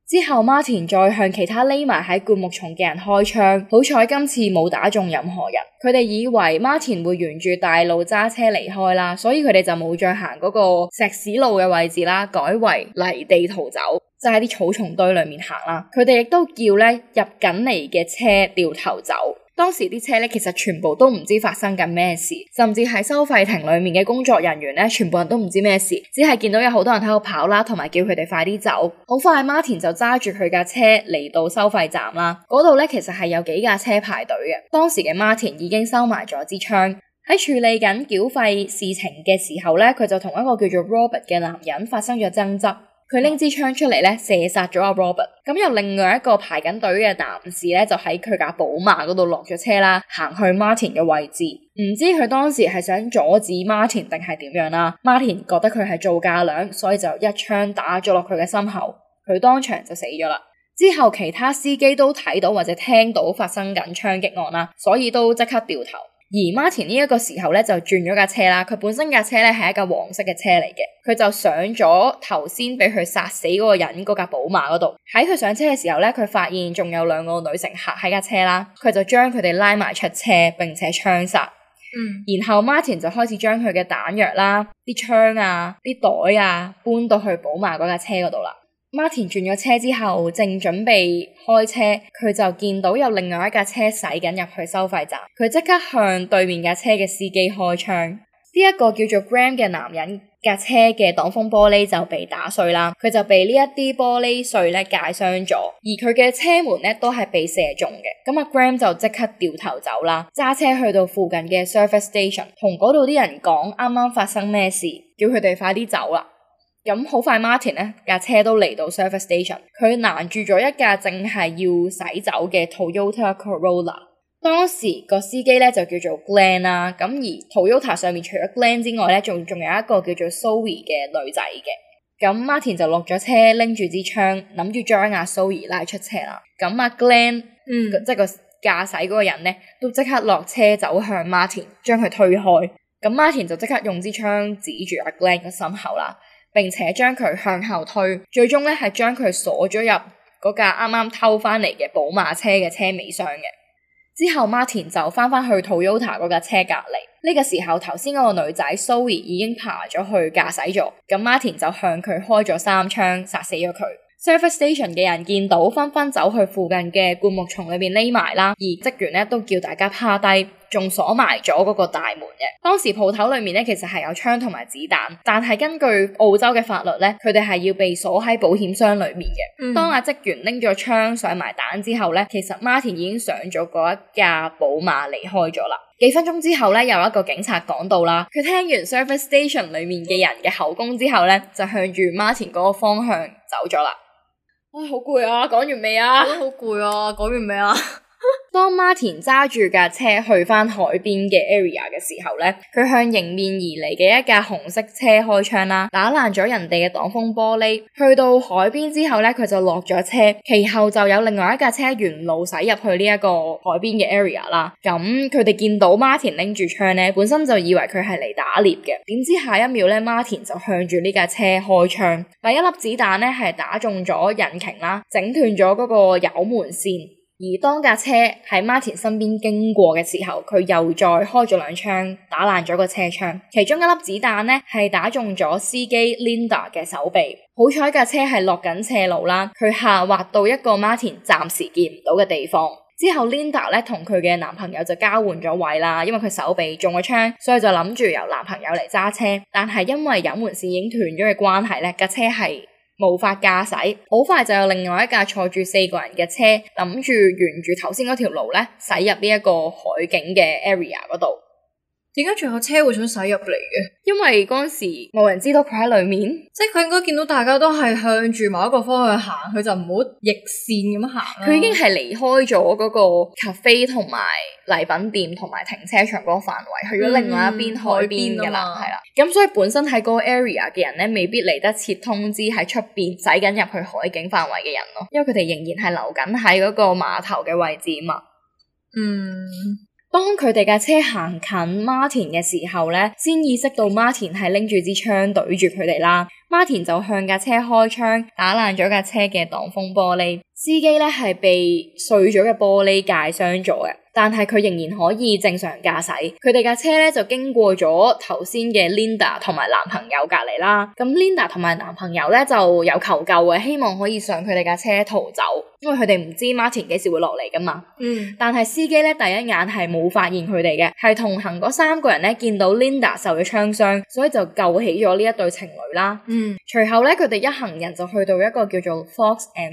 之後馬田再向其他匿埋喺灌木叢嘅人開槍，好彩今次冇打中任何人。佢哋以為馬田會沿住大路揸車離開啦，所以佢哋就冇再行嗰個石屎路嘅位置啦，改為泥地逃走。就喺啲草叢堆裏面行啦，佢哋亦都叫咧入緊嚟嘅車掉頭走。當時啲車咧其實全部都唔知發生緊咩事，甚至係收費亭裏面嘅工作人員呢，全部人都唔知咩事，只係見到有好多人喺度跑啦，同埋叫佢哋快啲走。好快，Martin 就揸住佢架車嚟到收費站啦。嗰度咧其實係有幾架車排隊嘅。當時嘅 Martin 已經收埋咗支槍喺處理緊繳費事情嘅時候呢，佢就同一個叫做 Robert 嘅男人發生咗爭執。佢拎支槍出嚟咧，射殺咗阿 Robert。咁又另外一個排緊隊嘅男士咧，就喺佢架寶馬嗰度落咗車啦，行去 Martin 嘅位置。唔知佢當時係想阻止 Martin 定係點樣啦、啊？Martin 覺得佢係做嫁娘，所以就一槍打咗落佢嘅心口，佢當場就死咗啦。之後其他司機都睇到或者聽到發生緊槍擊案啦、啊，所以都即刻掉頭。而 Martin 呢一個時候咧就轉咗架車啦，佢本身架車咧係一架黃色嘅車嚟嘅，佢就上咗頭先俾佢殺死嗰個人嗰架寶馬嗰度。喺佢上車嘅時候咧，佢發現仲有兩個女乘客喺架車啦，佢就將佢哋拉埋出車，並且槍殺。嗯，然後 Martin 就開始將佢嘅彈藥啦、啲槍啊、啲袋啊搬到去寶馬嗰架車嗰度啦。馬丁轉咗車之後，正準備開車，佢就見到有另外一架車駛緊入去收費站，佢即刻向對面架車嘅司機開槍。呢一個叫做 Graham 嘅男人架車嘅擋風玻璃就被打碎啦，佢就被呢一啲玻璃碎粒割傷咗，而佢嘅車門都係被射中嘅。咁阿 Graham 就即刻掉頭走啦，揸車去到附近嘅 surface station，同嗰度啲人講啱啱發生咩事，叫佢哋快啲走啦。咁好快，Martin 咧架車都嚟到 service station，佢攔住咗一架正係要駛走嘅 Toyota Corolla。當時、個司機咧就叫做 Glenn 啦、啊，咁而 Toyota 上面除咗 Glenn 之外咧，仲仲有一個叫做 Sue 嘅女仔嘅。咁 Martin 就落咗車，拎住支槍，諗住將阿 Sue 拉出車啦。咁阿、啊、Glenn 嗯，即係個駕駛嗰個人咧，都即刻落車走向 Martin，將佢推開。咁 Martin 就即刻用支槍指住阿、啊、Glenn 個心口啦。啊並且將佢向後推，最終呢係將佢鎖咗入嗰架啱啱偷翻嚟嘅寶馬車嘅車尾箱嘅。之後馬田就返翻去 Toyota 嗰架車隔籬，呢、這個時候頭先嗰個女仔蘇怡已經爬咗去駕駛座，咁馬田就向佢開咗三槍，殺死咗佢。service station 嘅人見到紛紛走去附近嘅灌木叢裏面匿埋啦，而職員咧都叫大家趴低，仲鎖埋咗嗰個大門嘅。當時鋪頭裏面咧其實係有槍同埋子彈，但係根據澳洲嘅法律咧，佢哋係要被鎖喺保險箱裏面嘅。嗯、當阿、啊、職員拎咗槍上埋彈之後咧，其實馬丁已經上咗嗰一架寶馬離開咗啦。幾分鐘之後咧，有一個警察趕到啦，佢聽完 service station 裏面嘅人嘅口供之後咧，就向住馬丁嗰個方向走咗啦。哎、啊，好攰啊！講完未啊？我都好攰啊！講完未啊？當 Martin 揸住架車去翻海邊嘅 area 嘅時候咧，佢向迎面而嚟嘅一架紅色車開槍啦、啊，打爛咗人哋嘅擋風玻璃。去到海邊之後咧，佢就落咗車，其後就有另外一架車沿路駛入去呢一個海邊嘅 area 啦。咁佢哋見到 Martin 拎住槍咧，本身就以為佢係嚟打獵嘅，點知下一秒咧，Martin 就向住呢架車開槍，第一粒子彈咧係打中咗引擎啦，整斷咗嗰個油門線。而當架車喺馬丁身邊經過嘅時候，佢又再開咗兩槍，打爛咗個車窗。其中一粒子彈呢，係打中咗司機 Linda 嘅手臂。好彩架車係落緊斜路啦，佢下滑到一個馬丁暫時見唔到嘅地方。之後 Linda 咧同佢嘅男朋友就交換咗位啦，因為佢手臂中咗槍，所以就諗住由男朋友嚟揸車。但係因為隱門線已經斷咗嘅關係呢，架車係無法駕駛，好快就有另外一架坐住四個人嘅車，諗住沿住頭先嗰條路呢，駛入呢一個海景嘅 area 嗰度。點解仲有車會想駛入嚟嘅？因為嗰時冇人知道佢喺裏面，即係佢應該見到大家都係向住某一個方向行，佢就唔好逆綫咁行，啊。佢已經係離開咗嗰個咖啡同埋禮品店同埋停車場嗰個範圍，去咗另外一邊、嗯、海邊噶啦，係啦。咁所以本身喺嗰個 area 嘅人咧，未必嚟得切通知喺出邊駛緊入去海景範圍嘅人咯，因為佢哋仍然係留緊喺嗰個碼頭嘅位置嘛。嗯。嗯當佢哋架車行近 Martin 嘅時候咧，先意識到 Martin 係拎住支槍對住佢哋啦。Martin 就向架車開槍，打爛咗架車嘅擋風玻璃。司機咧係被碎咗嘅玻璃界傷咗嘅，但係佢仍然可以正常駕駛。佢哋架車咧就經過咗頭先嘅 Linda 同埋男朋友隔籬啦。咁 Linda 同埋男朋友咧就有求救嘅，希望可以上佢哋架車逃走,因為佢哋唔知 Martin 幾時會落嚟噶嘛。嗯,但係司機咧第一眼係冇發現佢哋嘅，係同行嗰三個人咧見到 Linda 受咗槍傷，所以就救起咗呢一對情侶啦。嗯，隨後咧佢哋一行人就去到一個叫做 Fox and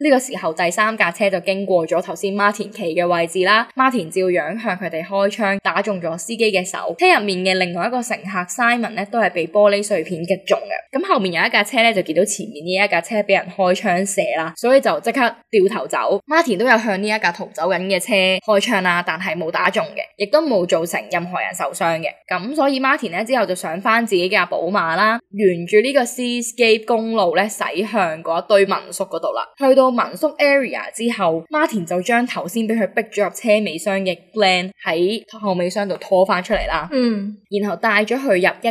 呢個時候第三架車就經過咗頭先 Martin 企嘅位置啦，Martin 照樣向佢哋開槍，打中咗司機嘅手。車入面嘅另外一個乘客 Simon 呢，都係被玻璃碎片擊中嘅。咁後面有一架車咧就見到前面呢一架車俾人開槍射啦，所以就即刻掉頭走。Martin 都有向呢一架逃走緊嘅車開槍啦，但係冇打中嘅，亦都冇造成任何人受傷嘅。咁所以 Martin 呢，之後就上翻自己嘅寶馬啦，沿住呢個 Seascape 公路咧駛向嗰一堆民宿嗰度啦，去到。到民宿 area 之後，Martin 就將頭先俾佢逼咗入車尾箱嘅 Glen 喺後尾箱度拖翻出嚟啦。嗯，然後帶咗佢入一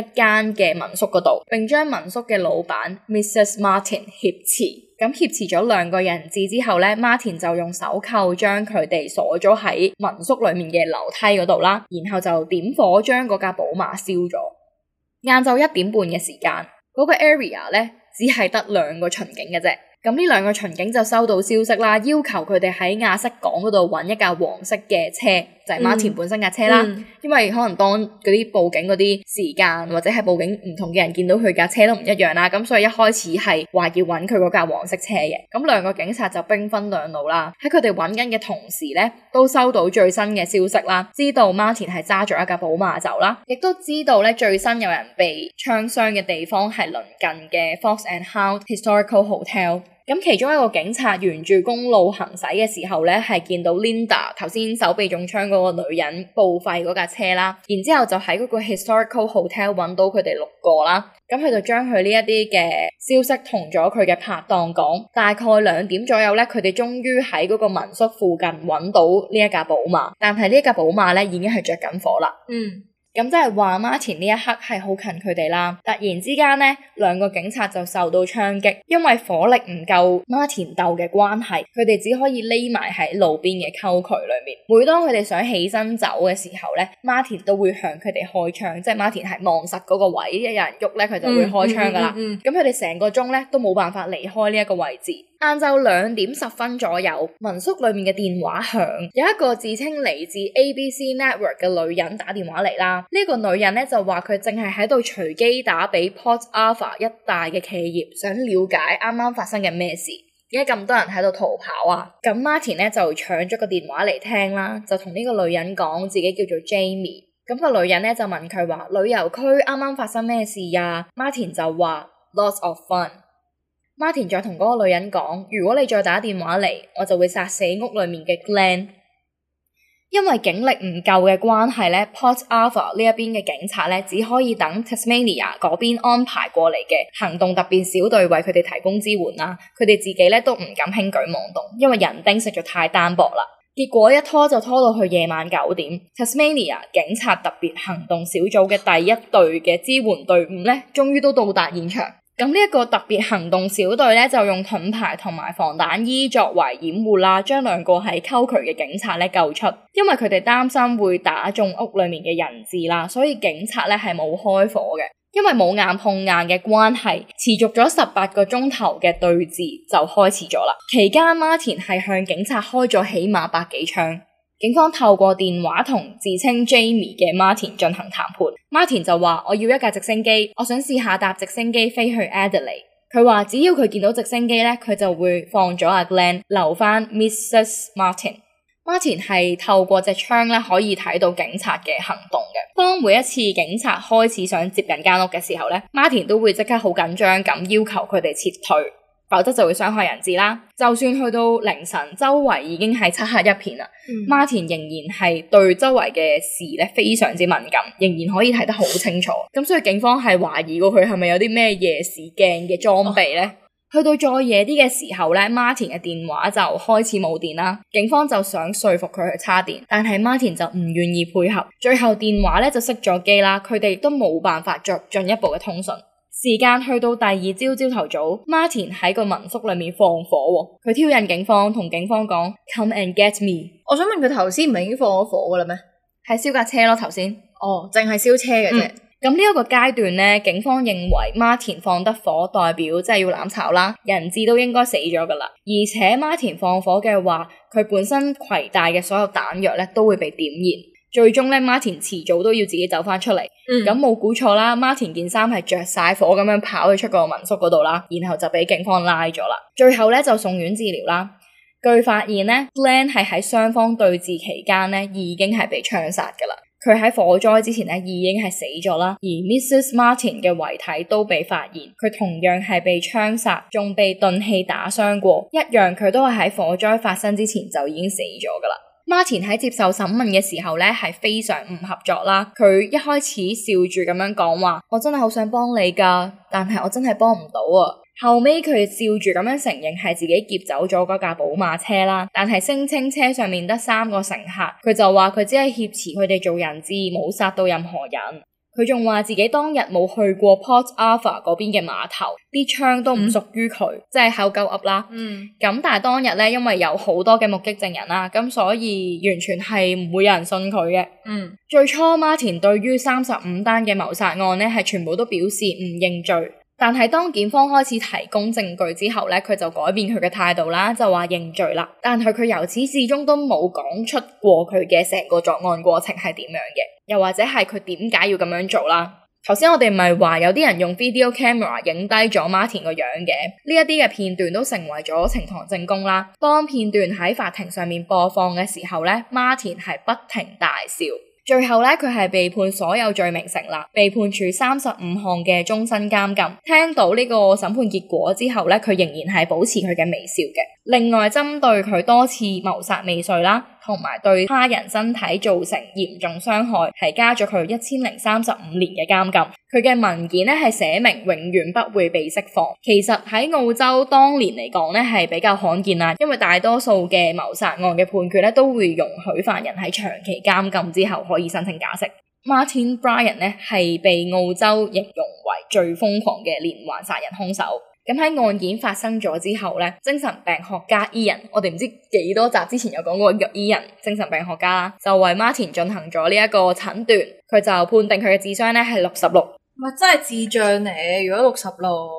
間嘅民宿嗰度，並將民宿嘅老闆 Mrs. Martin 挾持。咁挾持咗兩個人質之後咧，Martin 就用手銬將佢哋鎖咗喺民宿裏面嘅樓梯嗰度啦。然後就點火將嗰架寶馬燒咗。晏晝一點半嘅時間，嗰個 area 咧只係得兩個巡警嘅啫。咁呢兩個巡警就收到消息啦，要求佢哋喺亞瑟港嗰度揾一架黃色嘅車，就係馬田本身架車啦。嗯嗯、因為可能當嗰啲報警嗰啲時間或者係報警唔同嘅人見到佢架車都唔一樣啦，咁所以一開始係話要揾佢嗰架黃色車嘅。咁兩個警察就兵分兩路啦，喺佢哋揾緊嘅同時咧，都收到最新嘅消息啦，知道馬田係揸咗一架寶馬走啦，亦都知道咧最新有人被槍傷嘅地方係鄰近嘅 Fox and Hound Historical Hotel。咁其中一個警察沿住公路行駛嘅時候咧，係見到 Linda 頭先手臂中槍嗰個女人報廢嗰架車啦，然之後就喺嗰個 Historical Hotel 揾到佢哋六個啦。咁佢就將佢呢一啲嘅消息同咗佢嘅拍檔講。大概兩點左右咧，佢哋終於喺嗰個民宿附近揾到呢一架寶馬，但係呢架寶馬咧已經係着緊火啦。嗯。咁即係話 Martin 呢一刻係好近佢哋啦。突然之間咧，兩個警察就受到槍擊，因為火力唔夠 Martin 鬥嘅關係，佢哋只可以匿埋喺路邊嘅溝渠裏面。每當佢哋想起身走嘅時候咧，Martin 都會向佢哋開槍，即係 Martin 係望實嗰個位，一有人喐咧，佢就會開槍噶啦。咁佢哋成個鐘咧都冇辦法離開呢一個位置。晏晝兩點十分左右，民宿裏面嘅電話響，有一個自稱嚟自 ABC Network 嘅女人打電話嚟啦。呢、這個女人咧就話佢淨係喺度隨機打俾 Port Arthur 一帶嘅企業，想了解啱啱發生嘅咩事，點解咁多人喺度逃跑啊？咁 Martin 咧就搶咗個電話嚟聽啦，就同呢個女人講自己叫做 Jamie。咁個女人咧就問佢話旅遊區啱啱發生咩事呀、啊？Martin 就話 Lots of fun。馬丁再同嗰個女人講：「如果你再打電話嚟，我就會殺死屋裏面嘅 Glen。」因為警力唔夠嘅關係呢，Port Arthur 呢一邊嘅警察呢，只可以等 Tasmania 嗰邊安排過嚟嘅行動特別小隊為佢哋提供支援啦。佢哋自己呢都唔敢輕舉妄動，因為人丁實在太單薄啦。結果一拖就拖到去夜晚九點，Tasmania 警察特別行動小組嘅第一隊嘅支援隊伍呢，終於都到達現場。咁呢一個特別行動小隊咧，就用盾牌同埋防彈衣作為掩護啦，將兩個喺溝渠嘅警察咧救出。因為佢哋擔心會打中屋裏面嘅人質啦，所以警察咧係冇開火嘅。因為冇硬碰硬嘅關係，持續咗十八個鐘頭嘅對峙就開始咗啦。期間，馬田係向警察開咗起碼百幾槍。警方透過電話同自稱 Jamie 嘅 Martin 進行談判，Martin 就話我要一架直升機，我想試下搭直升機飛去 Adelaide。佢話只要佢見到直升機咧，佢就會放咗阿 Glenn，留翻 Mrs Martin。Martin 係透過隻窗咧可以睇到警察嘅行動嘅。當每一次警察開始想接近間屋嘅時候咧，Martin 都會即刻好緊張咁要求佢哋撤退。否則就會傷害人質啦。就算去到凌晨，周圍已經係漆黑一片啦。嗯、Martin 仍然係對周圍嘅事咧非常之敏感，仍然可以睇得好清楚。咁 所以警方係懷疑過佢係咪有啲咩夜視鏡嘅裝備咧？Oh. 去到再夜啲嘅時候咧，Martin 嘅電話就開始冇電啦。警方就想說服佢去叉電，但係 Martin 就唔願意配合。最後電話咧就熄咗機啦，佢哋都冇辦法做進一步嘅通訊。時間去到第二朝朝頭早，Martin 喺個民宿裏面放火喎，佢挑釁警方，同警方講：Come and get me！我想問佢頭先唔係已經放咗火噶啦咩？係燒架車咯頭先，哦，淨係燒車嘅啫。咁、嗯嗯、呢一個階段咧，警方認為 Martin 放得火，代表即係要攬炒啦，人質都應該死咗噶啦。而且 Martin 放火嘅話，佢本身携帶嘅所有彈藥咧，都會被點燃。最終咧，Martin 遲早都要自己走翻出嚟，嗯，咁冇估錯啦。Martin 件衫係着晒火咁樣跑去出個民宿嗰度啦，然後就俾警方拉咗啦。最後咧，就送院治療啦。據發現咧，Glen 係喺雙方對峙期間咧，已經係被槍殺噶啦。佢喺火災之前咧，已經係死咗啦。而 Mrs Martin 嘅遺體都被發現，佢同樣係被槍殺，仲被鈍器打傷過，一樣佢都係喺火災發生之前就已經死咗噶啦。馬田喺接受審問嘅時候呢，係非常唔合作啦。佢一開始笑住咁樣講話：我真係好想幫你噶，但係我真係幫唔到啊。後尾佢笑住咁樣承認係自己劫走咗嗰架寶馬車啦，但係聲稱車上面得三個乘客，佢就話佢只係挾持佢哋做人質，冇殺到任何人。佢仲話自己當日冇去過 Port Arthur 嗰邊嘅碼頭，啲槍都唔屬於佢，嗯、即係口勾噏啦。咁、嗯、但係當日咧，因為有好多嘅目擊證人啦，咁所以完全係唔會有人信佢嘅。嗯、最初 Martin 對於三十五單嘅謀殺案咧，係全部都表示唔認罪。但係當檢方開始提供證據之後咧，佢就改變佢嘅態度啦，就話認罪啦。但係佢由始至終都冇講出過佢嘅成個作案過程係點樣嘅。又或者係佢點解要咁樣做啦？頭先我哋唔係話有啲人用 video camera 影低咗 Martin 個樣嘅呢一啲嘅片段都成為咗呈堂證供啦。當片段喺法庭上面播放嘅時候咧，Martin 係不停大笑。最後咧，佢係被判所有罪名成立，被判處三十五項嘅終身監禁。聽到呢個審判結果之後咧，佢仍然係保持佢嘅微笑嘅。另外，針對佢多次謀殺未遂啦，同埋對他人身體造成嚴重傷害，係加咗佢一千零三十五年嘅監禁。佢嘅文件咧，係寫明永遠不會被釋放。其實喺澳洲當年嚟講呢係比較罕見啦，因為大多數嘅謀殺案嘅判決咧都會容許犯人喺長期監禁之後可以申請假釋。Martin Bryant 呢係被澳洲形容為最瘋狂嘅連環殺人兇手。咁喺案件發生咗之後咧，精神病學家伊人，我哋唔知幾多集之前有講過伊人精神病學家啦，就為 Martin 進行咗呢一個診斷，佢就判定佢嘅智商咧係六十六。唔係真係智障你、啊，如果六十六，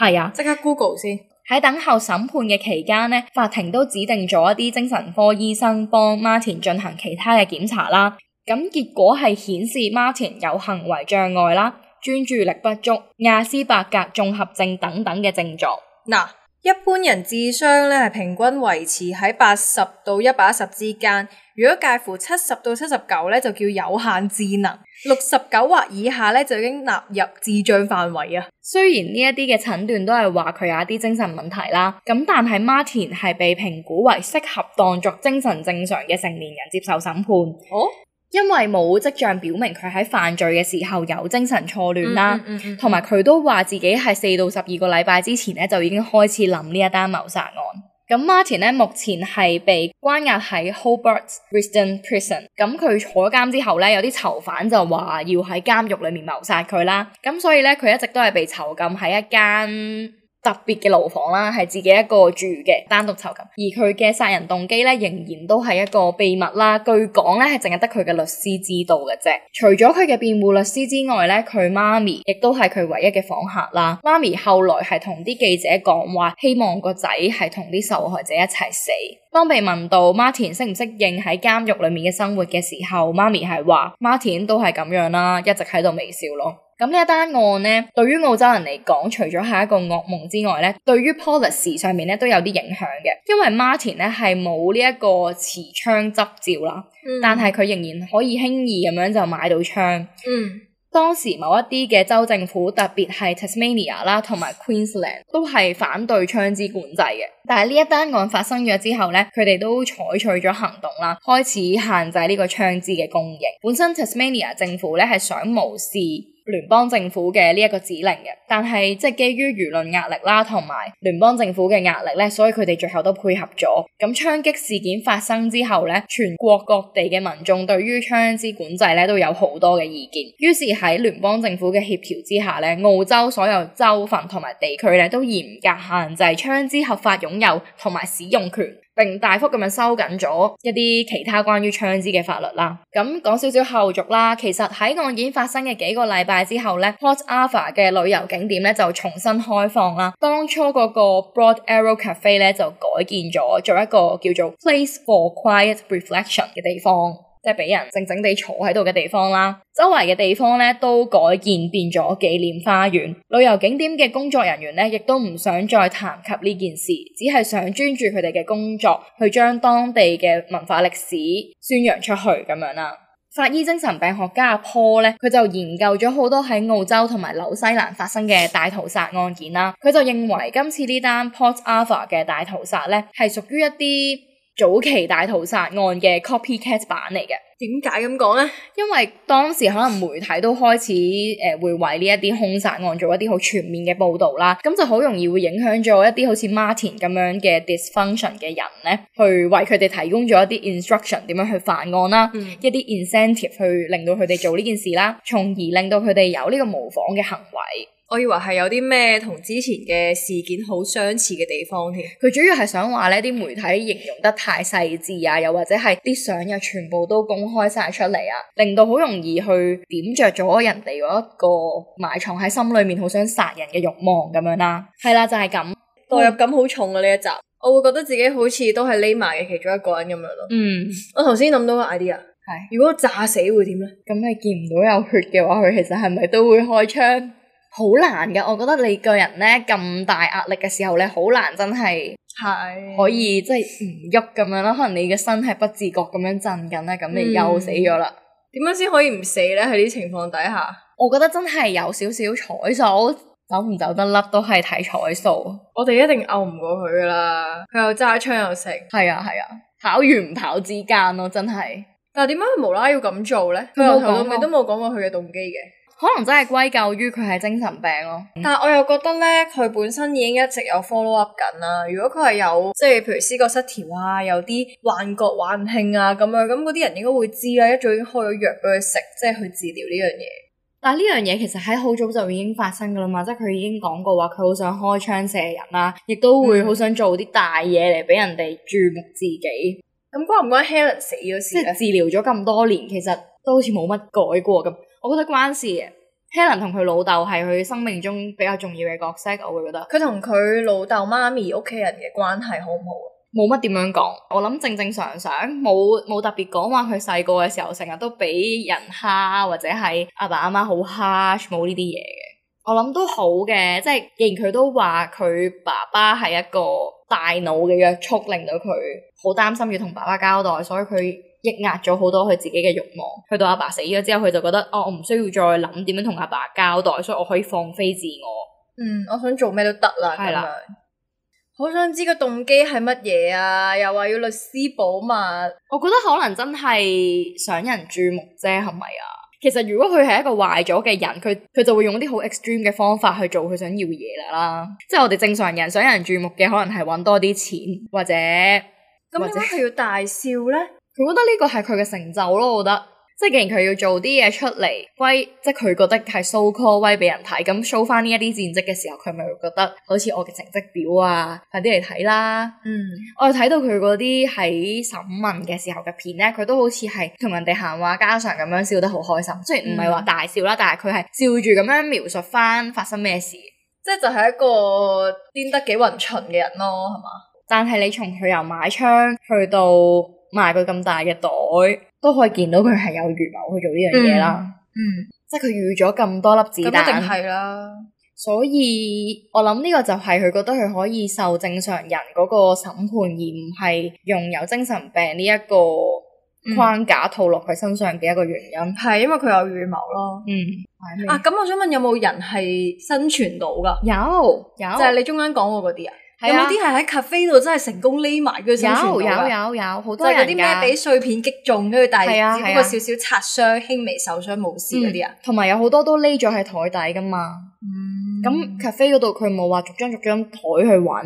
係啊，即刻 Google 先。喺等候審判嘅期間咧，法庭都指定咗一啲精神科醫生幫 Martin 進行其他嘅檢查啦。咁結果係顯示 Martin 有行為障礙啦。專注力不足、亞斯伯格綜合症等等嘅症狀。嗱，一般人智商咧係平均維持喺八十到一百一十之間。如果介乎七十到七十九呢，就叫有限智能；六十九或以下呢，就已經納入智障範圍啊。雖然呢一啲嘅診斷都係話佢有一啲精神問題啦，咁但係 Martin 係被評估為適合當作精神正常嘅成年人接受審判。哦。因為冇跡象表明佢喺犯罪嘅時候有精神錯亂啦，同埋佢都話自己係四到十二個禮拜之前咧就已經開始諗呢一單謀殺案。咁 Martin 咧目前係被關押喺 Hobart Risdon Prison，嗯。咁佢坐咗監之後咧，有啲囚犯就話要喺監獄裡面謀殺佢啦。咁所以咧佢一直都係被囚禁喺一間。特別嘅牢房啦，係自己一個住嘅單獨囚禁，而佢嘅殺人動機咧仍然都係一個秘密啦。據講咧係淨係得佢嘅律師知道嘅啫。除咗佢嘅辯護律師之外咧，佢媽咪亦都係佢唯一嘅訪客啦。媽咪後來係同啲記者講話，希望個仔係同啲受害者一齊死。當被問到 Martin 適唔適應喺監獄裏面嘅生活嘅時候，媽咪係話 Martin 都係咁樣啦，一直喺度微笑咯。咁呢一單案咧，對於澳洲人嚟講，除咗係一個噩夢之外咧，對於 policy 上面咧都有啲影響嘅。因為 Martin 咧係冇呢一個持槍執照啦，嗯、但係佢仍然可以輕易咁樣就買到槍。嗯、當時某一啲嘅州政府，特別係 Tasmania 啦，同埋 Queensland 都係反對槍支管制嘅。但係呢一單案發生咗之後咧，佢哋都採取咗行動啦，開始限制呢個槍支嘅供應。本身 Tasmania 政府咧係想無視。聯邦政府嘅呢一個指令嘅，但係即係基於輿論壓力啦，同埋聯邦政府嘅壓力呢，所以佢哋最後都配合咗。咁槍擊事件發生之後呢，全國各地嘅民眾對於槍支管制呢都有好多嘅意見。於是喺聯邦政府嘅協調之下呢，澳洲所有州份同埋地區呢都嚴格限制槍支合法擁有同埋使用權。並大幅咁樣收緊咗一啲其他關於槍支嘅法律啦。咁講少少後續啦，其實喺案件發生嘅幾個禮拜之後呢，Port Arthur 嘅旅遊景點咧就重新開放啦。當初嗰個 Broad Arrow Cafe 咧就改建咗，做一個叫做 Place for Quiet Reflection 嘅地方。即係俾人靜靜地坐喺度嘅地方啦，周圍嘅地方咧都改建變咗紀念花園。旅遊景點嘅工作人員咧，亦都唔想再談及呢件事，只係想專注佢哋嘅工作，去將當地嘅文化歷史宣揚出去咁樣啦。法醫精神病學家阿 Paul 咧，佢就研究咗好多喺澳洲同埋紐西蘭發生嘅大屠殺案件啦。佢就認為今次呢單 Port Arthur 嘅大屠殺咧，係屬於一啲早期大屠殺案嘅 copycat 版嚟嘅，點解咁講呢？因為當時可能媒體都開始誒、呃、會為呢一啲兇殺案做一啲好全面嘅報導啦，咁就好容易會影響咗一啲好似 Martin 咁樣嘅 dysfunction 嘅人咧，去為佢哋提供咗一啲 instruction 點樣去犯案啦，嗯、一啲 incentive 去令到佢哋做呢件事啦，從而令到佢哋有呢個模仿嘅行為。我以為係有啲咩同之前嘅事件好相似嘅地方添。佢主要係想話呢啲媒體形容得太細緻啊，又或者係啲相又全部都公開晒出嚟啊，令到好容易去點着咗人哋嗰一個埋藏喺心裏面好想殺人嘅慾望咁樣啦。係啦，就係咁，嗯，代入感好重啊！呢一集我會覺得自己好似都係匿埋嘅其中一個人咁樣咯。嗯，我頭先諗到個 idea 係，如果炸死會點咧？咁你見唔到有血嘅話，佢其實係咪都會開槍？好難噶，我覺得你個人咧咁大壓力嘅時候咧，好難真係可以的即係唔喐咁樣咯。可能你嘅身係不自覺咁樣震緊咧，咁你又死咗啦。點樣先可以唔死咧？喺呢啲情況底下，我覺得真係有少少彩數，走唔走得甩都係睇彩數。我哋一定拗唔過佢噶啦，佢又揸槍又食。係啊係啊，跑完唔跑之間咯，真係。但係點解佢無啦要咁做咧？佢由頭到尾都冇講過佢嘅動機嘅。可能真係歸咎於佢係精神病咯、啊，嗯、但係我又覺得咧，佢本身已經一直有 follow up 緊啦、啊。如果佢係有即係譬如思覺失調啊，有啲幻覺、幻聽啊咁樣，咁嗰啲人應該會知啦、啊。一早已經開咗藥俾佢食，即係去治療呢樣嘢。但係呢樣嘢其實喺好早就已經發生噶啦嘛，即係佢已經講過話佢好想開槍射人啦、啊，亦都會好想做啲大嘢嚟俾人哋注目自己。咁、嗯、關唔關 Helen 死咗事咧？即係治療咗咁多年，其實都好似冇乜改過咁。我覺得關事，Helen 同佢老豆係佢生命中比較重要嘅角色，我會覺得佢同佢老豆媽咪屋企人嘅關係好唔好？冇乜點樣講，我諗正正常常，冇冇特別講話佢細個嘅時候成日都俾人蝦或者係阿爸阿媽好 harsh 冇呢啲嘢嘅。我諗都好嘅，即係既然佢都話佢爸爸係一個大腦嘅約束，令到佢好擔心要同爸爸交代，所以佢。抑壓咗好多佢自己嘅慾望，去到阿爸死咗之後，佢就覺得哦，我唔需要再諗點樣同阿爸交代，所以我可以放飛自我。嗯，我想做咩都得啦，咁樣。好想知個動機係乜嘢啊？又話要律師保密，我覺得可能真係想人注目啫，係咪啊？其實如果佢係一個壞咗嘅人，佢，佢就會用啲好 extreme 嘅方法去做佢想要嘢啦。即係我哋正常人想人注目嘅，可能係搵多啲錢或者，咁點解佢要大笑咧？我覺得呢個係佢嘅成就咯，我覺得即係既然佢要做啲嘢，出嚟威，即係佢覺得係 so call 威，俾人睇，咁 show 翻呢一啲戰績嘅時候，佢咪會覺得好似我嘅成績表啊，快啲嚟睇啦。嗯，我哋睇到佢嗰啲喺審問嘅時候嘅片咧，佢都好似係同人哋閒話家常咁樣，笑得好開心，雖然唔係話大笑啦，嗯、但係佢係笑住咁樣描述翻發生咩事，即係、嗯、就係一個癲得幾混純嘅人咯，係嘛？但係你從佢又買槍去到。賣佢咁大嘅袋，都可以見到佢係有預謀去做呢樣嘢啦嗯。嗯，即係佢預咗咁多粒子彈。咁的確係啦。所以我諗呢個就係佢覺得佢可以受正常人嗰個審判，而唔係用有精神病呢一個框架套落佢身上嘅一個原因。係、嗯、因為佢有預謀咯。嗯。啊，咁我想問有冇人係生存到噶？有，有，就係你中間講嘅嗰啲啊。啊、有冇啲係喺 cafe 度真係成功匿埋嘅生還者？有有有好多人嗰啲咩俾碎片擊中，跟住、啊、但係只不過少少擦傷、輕、啊、微受傷、冇事嗰啲啊。同埋、嗯、有好多都匿咗喺台底噶嘛。咁 cafe 嗰度佢冇話逐張逐張台去揾，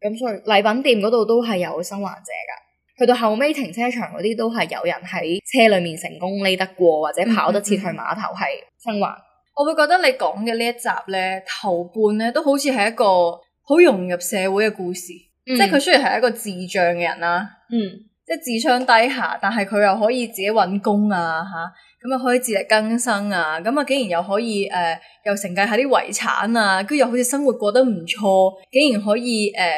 咁所以禮品店嗰度都係有生還者噶。去到後尾，停車場嗰啲都係有人喺車裏面成功匿得過或者跑得切去碼頭係生還。嗯嗯嗯、我會覺得你講嘅呢一集咧頭半咧都好似係一個，好融入社會嘅故事，即係佢雖然係一個智障嘅人啦，im 即係智商低下，但係佢又可以自己揾工啊，嚇咁又可以自力更生啊，咁啊竟然又可以誒、呃、又承繼下啲遺產啊，跟住又好似生活過得唔錯，竟然可以誒、呃、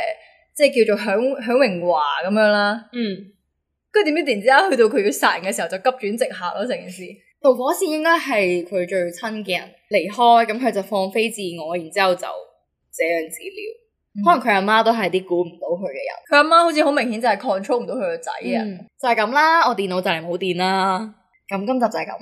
即係叫做享享榮華咁樣啦、啊。嗯 im im，跟住點知突然之間去到佢要殺人嘅時候，就急轉直下咯，成件事。導火線應該係佢最親嘅人離開，咁佢就放飛自我，然後之後就。這樣子了，可能佢阿媽都係啲管唔到佢嘅人，佢阿媽好似好明顯就係 control 唔到佢個仔啊，嗯、就係、是、咁啦，我電腦就嚟冇電啦，咁今集就係咁，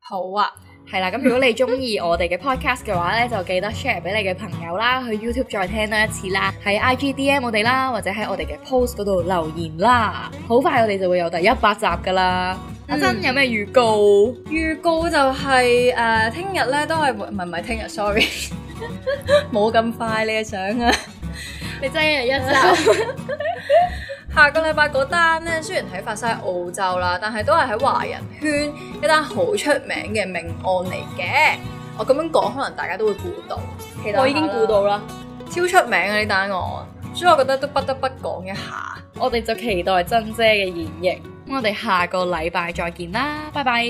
好啊。係啦，咁如果你中意我哋嘅 podcast 嘅話咧，就記得 share 俾你嘅朋友啦，去 YouTube 再聽多一次啦，喺 IGDM 我哋啦，或者喺我哋嘅 post 嗰度留言啦，好快我哋就會有第一百集噶啦。嗯、阿珍有咩預告？預告就係、是、誒，聽日咧都係唔係唔係聽日，sorry，冇咁 快你嘅相啊，你，啊 你真係一日一集。 下個禮拜嗰單呢，雖然喺發生喺澳洲啦，但係都係喺華人圈一單好出名嘅命案嚟嘅。我咁樣講，可能大家都會估到。其實我已經估到啦，超出名嘅呢單案，所以我覺得都不得不講一下。我哋就期待曾姐嘅演繹。我哋下個禮拜再見啦，拜拜，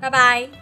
拜拜。拜拜。